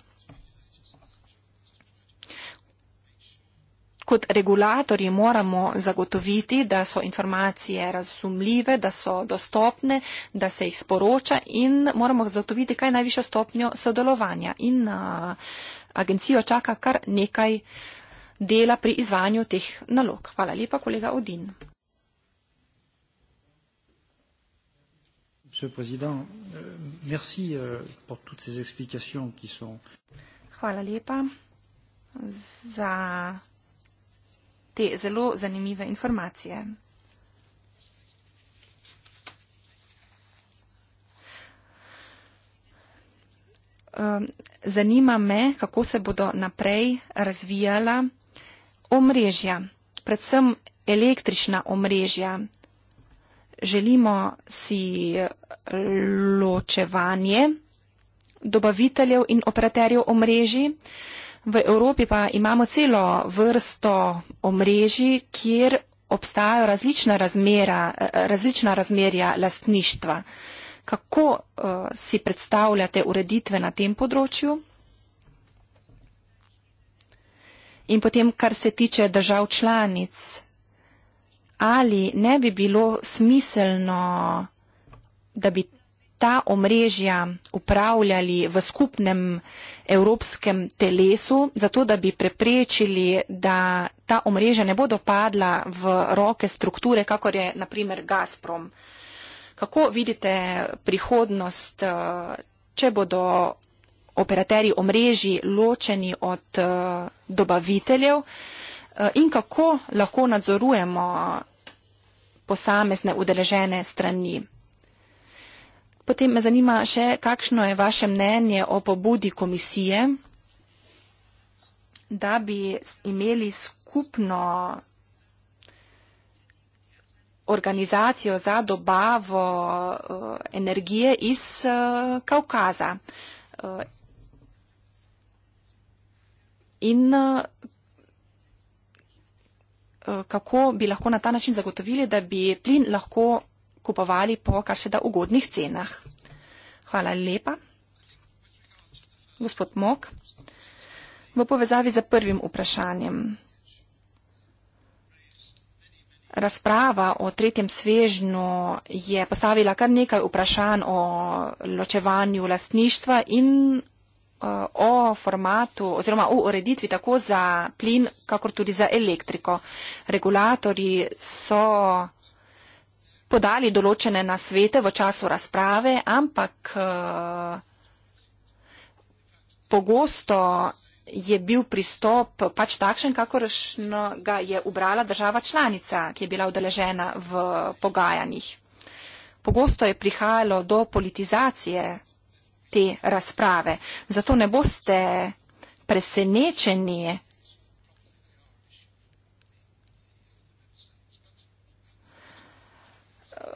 S3: Kot regulatorji moramo zagotoviti, da so informacije razumljive, da so dostopne, da se jih sporoča in moramo zagotoviti, kaj je najvišjo stopnjo sodelovanja. In uh, agencijo čaka kar nekaj dela pri izvanju teh nalog. Hvala lepa, kolega Odin.
S2: Euh,
S1: euh, Hvala lepa
S3: za te zelo zanimive informacije. Um, zanima me, kako se bodo naprej razvijala omrežja, predvsem električna omrežja. Želimo si ločevanje dobaviteljev in operaterjev omrežji. V Evropi pa imamo celo vrsto omrežij, kjer obstajajo različna, razmera, eh, različna razmerja lastništva. Kako uh, si predstavljate ureditve na tem področju? In potem, kar se tiče držav članic, ali ne bi bilo smiselno, da bi ta omrežja upravljali v skupnem evropskem telesu, zato da bi preprečili, da ta omrežja ne bodo padla v roke strukture, kakor je naprimer Gazprom. Kako vidite prihodnost, eh, če bodo operaterji omrežji ločeni od eh, dobaviteljev eh, in kako lahko nadzorujemo posamezne udeležene strani? Potem me zanima še, kakšno je vaše mnenje o pobudi komisije, da bi imeli skupno organizacijo za dobavo eh, energije iz eh, Kaukaza. Eh, in kako bi lahko na ta način zagotovili, da bi plin lahko kupovali po kakšne da ugodnih cenah. Hvala lepa. Gospod Mok, v povezavi za prvim vprašanjem. Razprava o tretjem svežnju je postavila kar nekaj vprašanj o ločevanju lastništva in eh, o formatu oziroma o ureditvi tako za plin, kakor tudi za elektriko. Regulatori so podali določene nasvete v času razprave, ampak eh, pogosto je bil pristop pač takšen, kakoršno ga je ubrala država članica, ki je bila udeležena v pogajanjih. Pogosto je prihajalo do politizacije te razprave, zato ne boste presenečeni,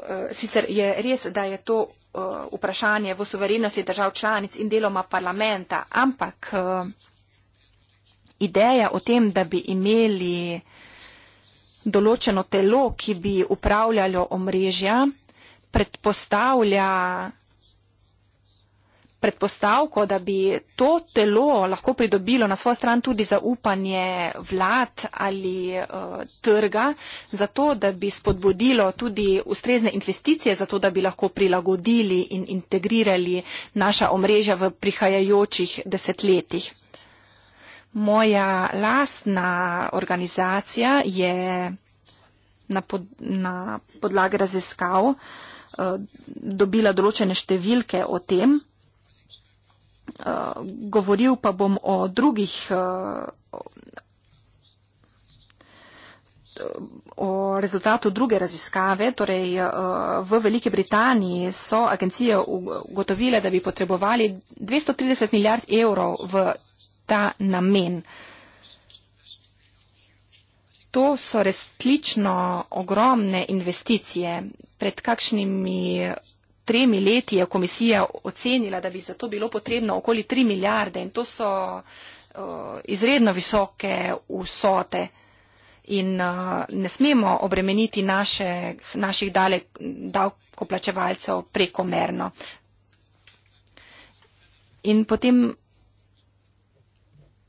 S3: Eh, sicer je res, da je to eh, vprašanje v suverenosti držav članic in deloma parlamenta, ampak eh, ideja o tem, da bi imeli določeno telo, ki bi upravljalo omrežja, predpostavlja predpostavko, da bi to telo lahko pridobilo na svojo stran tudi zaupanje vlad ali uh, trga, zato da bi spodbudilo tudi ustrezne investicije, zato da bi lahko prilagodili in integrirali naša omrežja v prihajajočih desetletjih. Moja lastna organizacija je na, pod, na podlagi raziskav uh, dobila določene številke o tem, Eh, govoril pa bom o drugih, eh, o rezultatu druge raziskave, torej eh, v Veliki Britaniji so agencije ugotovile, da bi potrebovali 230 milijard evrov v ta namen. To so resnično ogromne investicije. Pred kakšnimi tremi leti je komisija ocenila, da bi za to bilo potrebno okoli 3 milijarde in to so eh, izredno visoke vsote. In uh, ne smemo obremeniti naše, naših dalek davkoplačevalcev prekomerno. In potem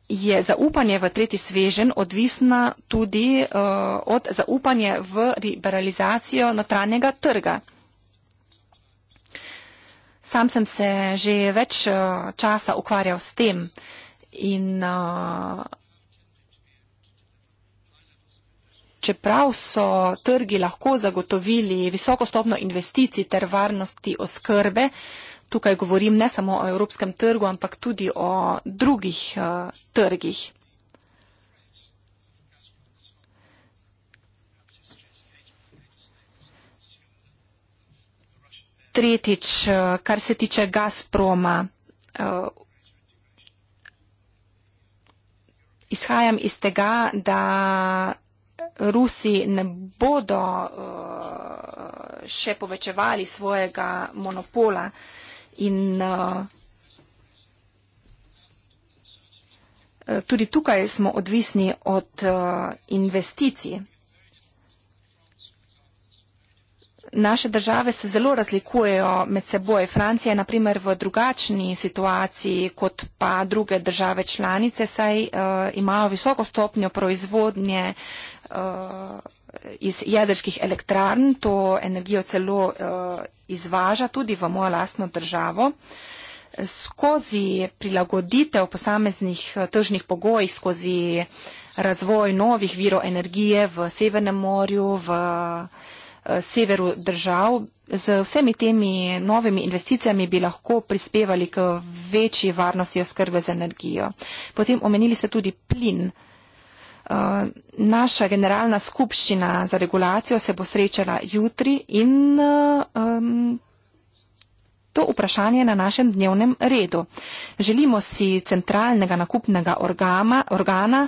S3: je zaupanje v tretji svežen odvisna tudi uh, od zaupanja v liberalizacijo notranjega trga. Sam sem se že več eh, časa ukvarjal s tem in eh, čeprav so trgi lahko zagotovili visoko stopno investicij ter varnosti oskrbe, tukaj govorim ne samo o evropskem trgu, ampak tudi o drugih eh, trgih. Tretjič, eh, kar se tiče Gazproma. Eh, izhajam iz tega, da Rusi ne bodo eh, še povečevali svojega monopola in tudi tukaj smo odvisni od investicij. naše države se zelo razlikujejo med seboj. Francija je naprimer v drugačni situaciji kot pa druge države članice, saj uh, imajo visoko stopnjo proizvodnje uh, iz jedrskih elektrarn, to energijo celo uh, izvaža tudi v mojo lastno državo. Skozi prilagoditev posameznih tržnih pogojih, skozi razvoj novih virov energije v Severnem morju, v uh, Eh, severu držav. Z vsemi temi novimi investicijami bi lahko prispevali k večji varnosti oskrbe z energijo. Potem omenili ste tudi plin. Eh, naša generalna skupščina za regulacijo se bo srečala jutri in eh, to vprašanje je na našem dnevnem redu. Želimo si centralnega nakupnega organa, organa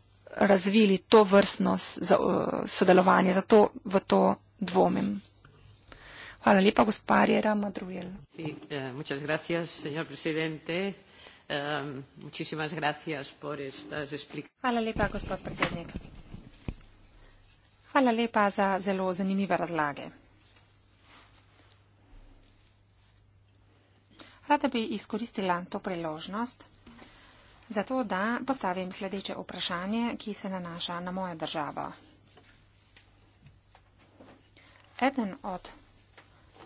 S3: razvili to vrstno uh, sodelovanje. Zato v to dvomim. Hvala lepa, gospodarja Madrujel. Eh, eh,
S1: Hvala lepa, gospod predsednik. Hvala lepa za zelo zanimive razlage. Rada bi izkoristila to priložnost zato da postavim sledeče vprašanje, ki se nanaša na mojo državo. Eden od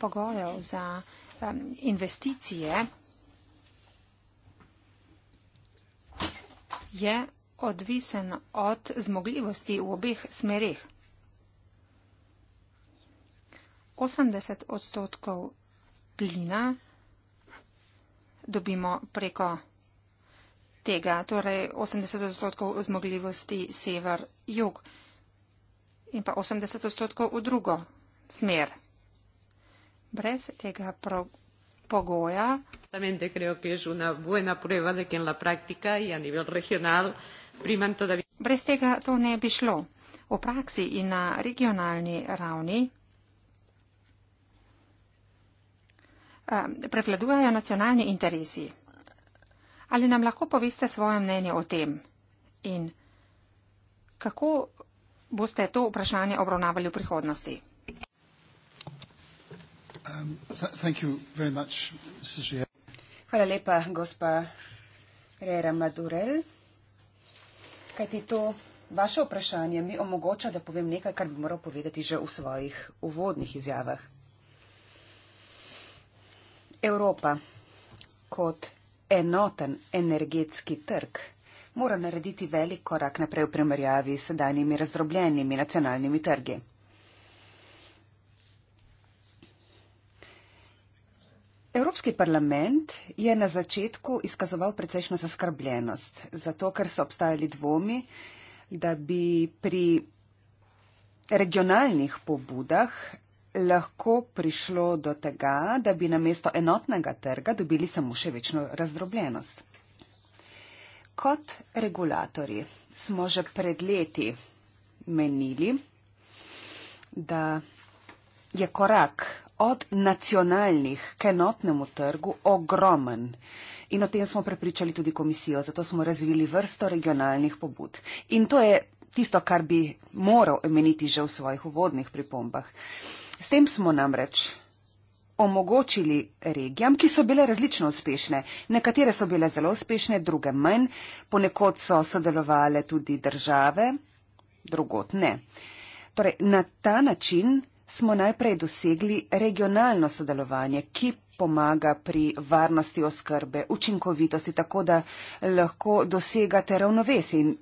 S1: pogojev za um, investicije je odvisen od zmogljivosti v obeh smerih. 80 odstotkov plina dobimo preko tega, torej 80 odstotkov zmogljivosti sever-jug in pa 80 odstotkov v drugo smer. Brez tega pro, pogoja. Creo que es una buena prueba de que en la práctica y a nivel regional priman todavía. Brez tega to ne bi šlo. V praksi in na regionalni ravni eh, prevladujejo nacionalni interesi. Ali nam lahko poveste svoje mnenje o tem in kako boste to vprašanje obravnavali v prihodnosti?
S2: Um, th much, Hvala lepa, gospa Rera Madurel. Kajti to vaše vprašanje mi omogoča, da povem nekaj, kar bi moral povedati že v svojih uvodnih izjavah. Evropa kot enoten energetski trg mora narediti velik korak naprej v primerjavi s sedanjimi razdrobljenimi nacionalnimi trgi. Evropski parlament je na začetku izkazoval precejšno zaskrbljenost, zato ker so obstajali dvomi, da bi pri regionalnih pobudah lahko prišlo do tega, da bi na mesto enotnega trga dobili samo še večno razdrobljenost. Kot regulatori smo že pred leti menili, da je korak od nacionalnih k enotnemu trgu ogromen. In o tem smo prepričali tudi komisijo, zato smo razvili vrsto regionalnih pobud. In to je tisto, kar bi moral omeniti že v svojih uvodnih pripombah. S tem smo namreč omogočili regijam, ki so bile različno uspešne. Nekatere so bile zelo uspešne, druge manj, ponekod so sodelovale tudi države, drugot ne. Torej, na ta način smo najprej dosegli regionalno sodelovanje, ki pomaga pri varnosti oskrbe, učinkovitosti, tako da lahko dosegate ravnovesje. In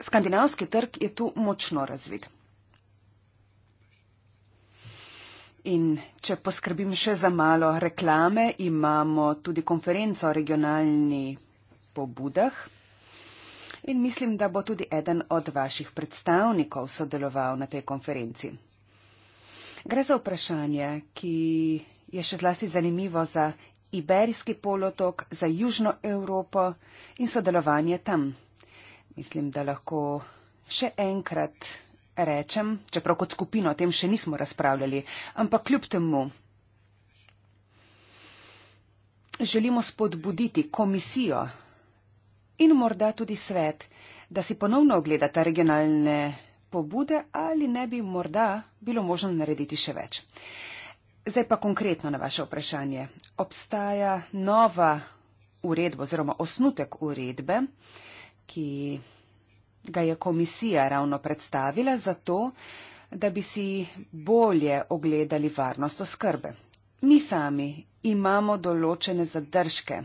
S2: skandinavski trg je tu močno razvit. In če poskrbim še za malo reklame, imamo tudi konferenco o regionalnih pobudah. In mislim, da bo tudi eden od vaših predstavnikov sodeloval na tej konferenci. Gre za vprašanje, ki je še zlasti zanimivo za Iberijski polotok, za Južno Evropo in sodelovanje tam. Mislim, da lahko še enkrat rečem, čeprav kot skupino o tem še nismo razpravljali, ampak kljub temu želimo spodbuditi komisijo in morda tudi svet, da si ponovno ogledata regionalne pobude ali ne bi morda bilo možno narediti še več. Zdaj pa konkretno na vaše vprašanje. Obstaja nova uredba oziroma osnutek uredbe, ki ga je komisija ravno predstavila zato, da bi si bolje ogledali varnost oskrbe. Mi sami imamo določene zadržke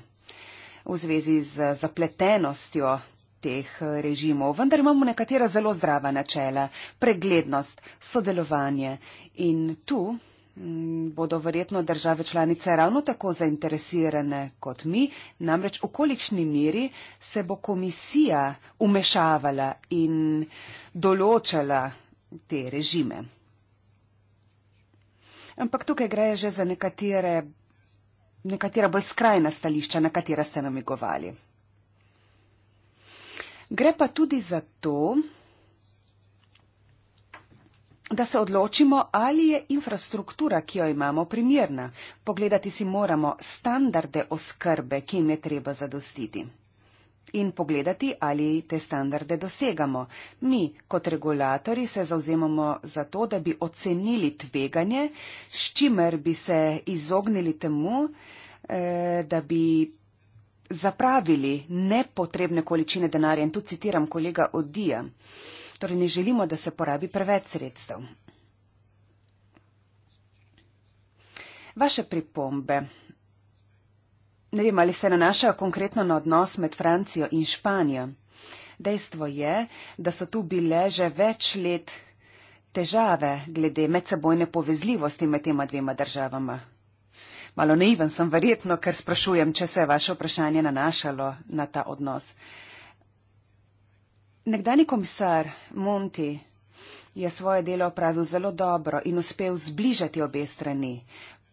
S2: v zvezi z zapletenostjo teh režimov, vendar imamo nekatera zelo zdrava načela, preglednost, sodelovanje in tu Mm, bodo verjetno države članice ravno tako zainteresirane kot mi, namreč v kolikšni miri se bo komisija umešavala in določala te režime. Ampak tukaj gre že za nekatere, nekatera bolj skrajna stališča, na katera ste namigovali. Gre pa tudi za to, da se odločimo, ali je infrastruktura, ki jo imamo, primerna. Pogledati si moramo standarde oskrbe, ki jim je treba zadostiti. In pogledati, ali te standarde dosegamo. Mi, kot regulatori, se zauzemamo za to, da bi ocenili tveganje, s čimer bi se izognili temu, eh, da bi zapravili nepotrebne količine denarja. In tu citiram kolega Odija. Eh, Torej ne želimo, da se porabi preveč sredstev. Vaše pripombe. Ne vem, ali se nanašajo konkretno na odnos med Francijo in Španijo. Dejstvo je, da so tu bile že več let težave glede medsebojne povezljivosti med tema dvema državama. Malo naiven sem verjetno, ker sprašujem, če se je vaše vprašanje nanašalo na ta odnos. Uh, Nekdani komisar Monti je svoje delo opravil zelo dobro in uspel zbližati obe strani.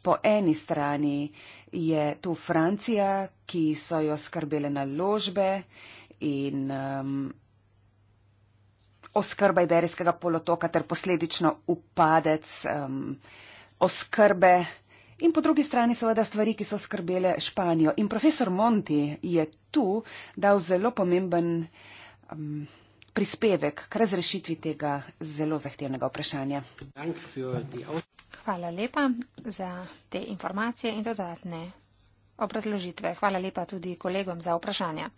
S2: Po eni strani je tu Francija, ki so jo skrbele naložbe in um, oskrba Iberijskega polotoka ter posledično upadec um, oskrbe in po drugi strani seveda stvari, ki so skrbele Španijo. In profesor Monti je tu dal zelo pomemben um, prispevek k razrešitvi tega zelo zahtevnega vprašanja. Hvala
S1: lepa za te informacije in dodatne obrazložitve. Hvala lepa tudi kolegom za vprašanja.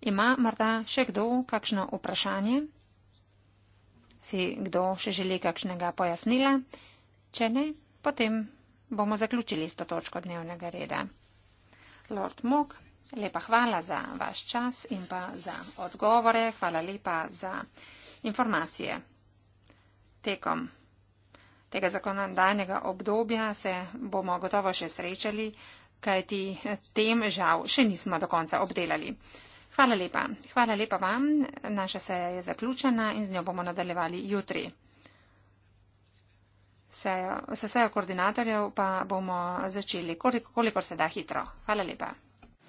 S1: Ima morda še kdo kakšno vprašanje? Si kdo še želi kakšnega pojasnila? Če ne, potem bomo zaključili s to točko dnevnega reda. Lord Mok, Lepa hvala za vaš čas in pa za odgovore. Hvala lepa za informacije. Tekom tega zakonodajnega obdobja se bomo gotovo še srečali, kajti tem žal še nismo do konca obdelali. Hvala lepa. Hvala lepa vam. Naša seja je zaključena in z njo bomo nadaljevali jutri. Sejo, se sejo koordinatorjev pa bomo začeli, kolikor se da hitro. Hvala lepa.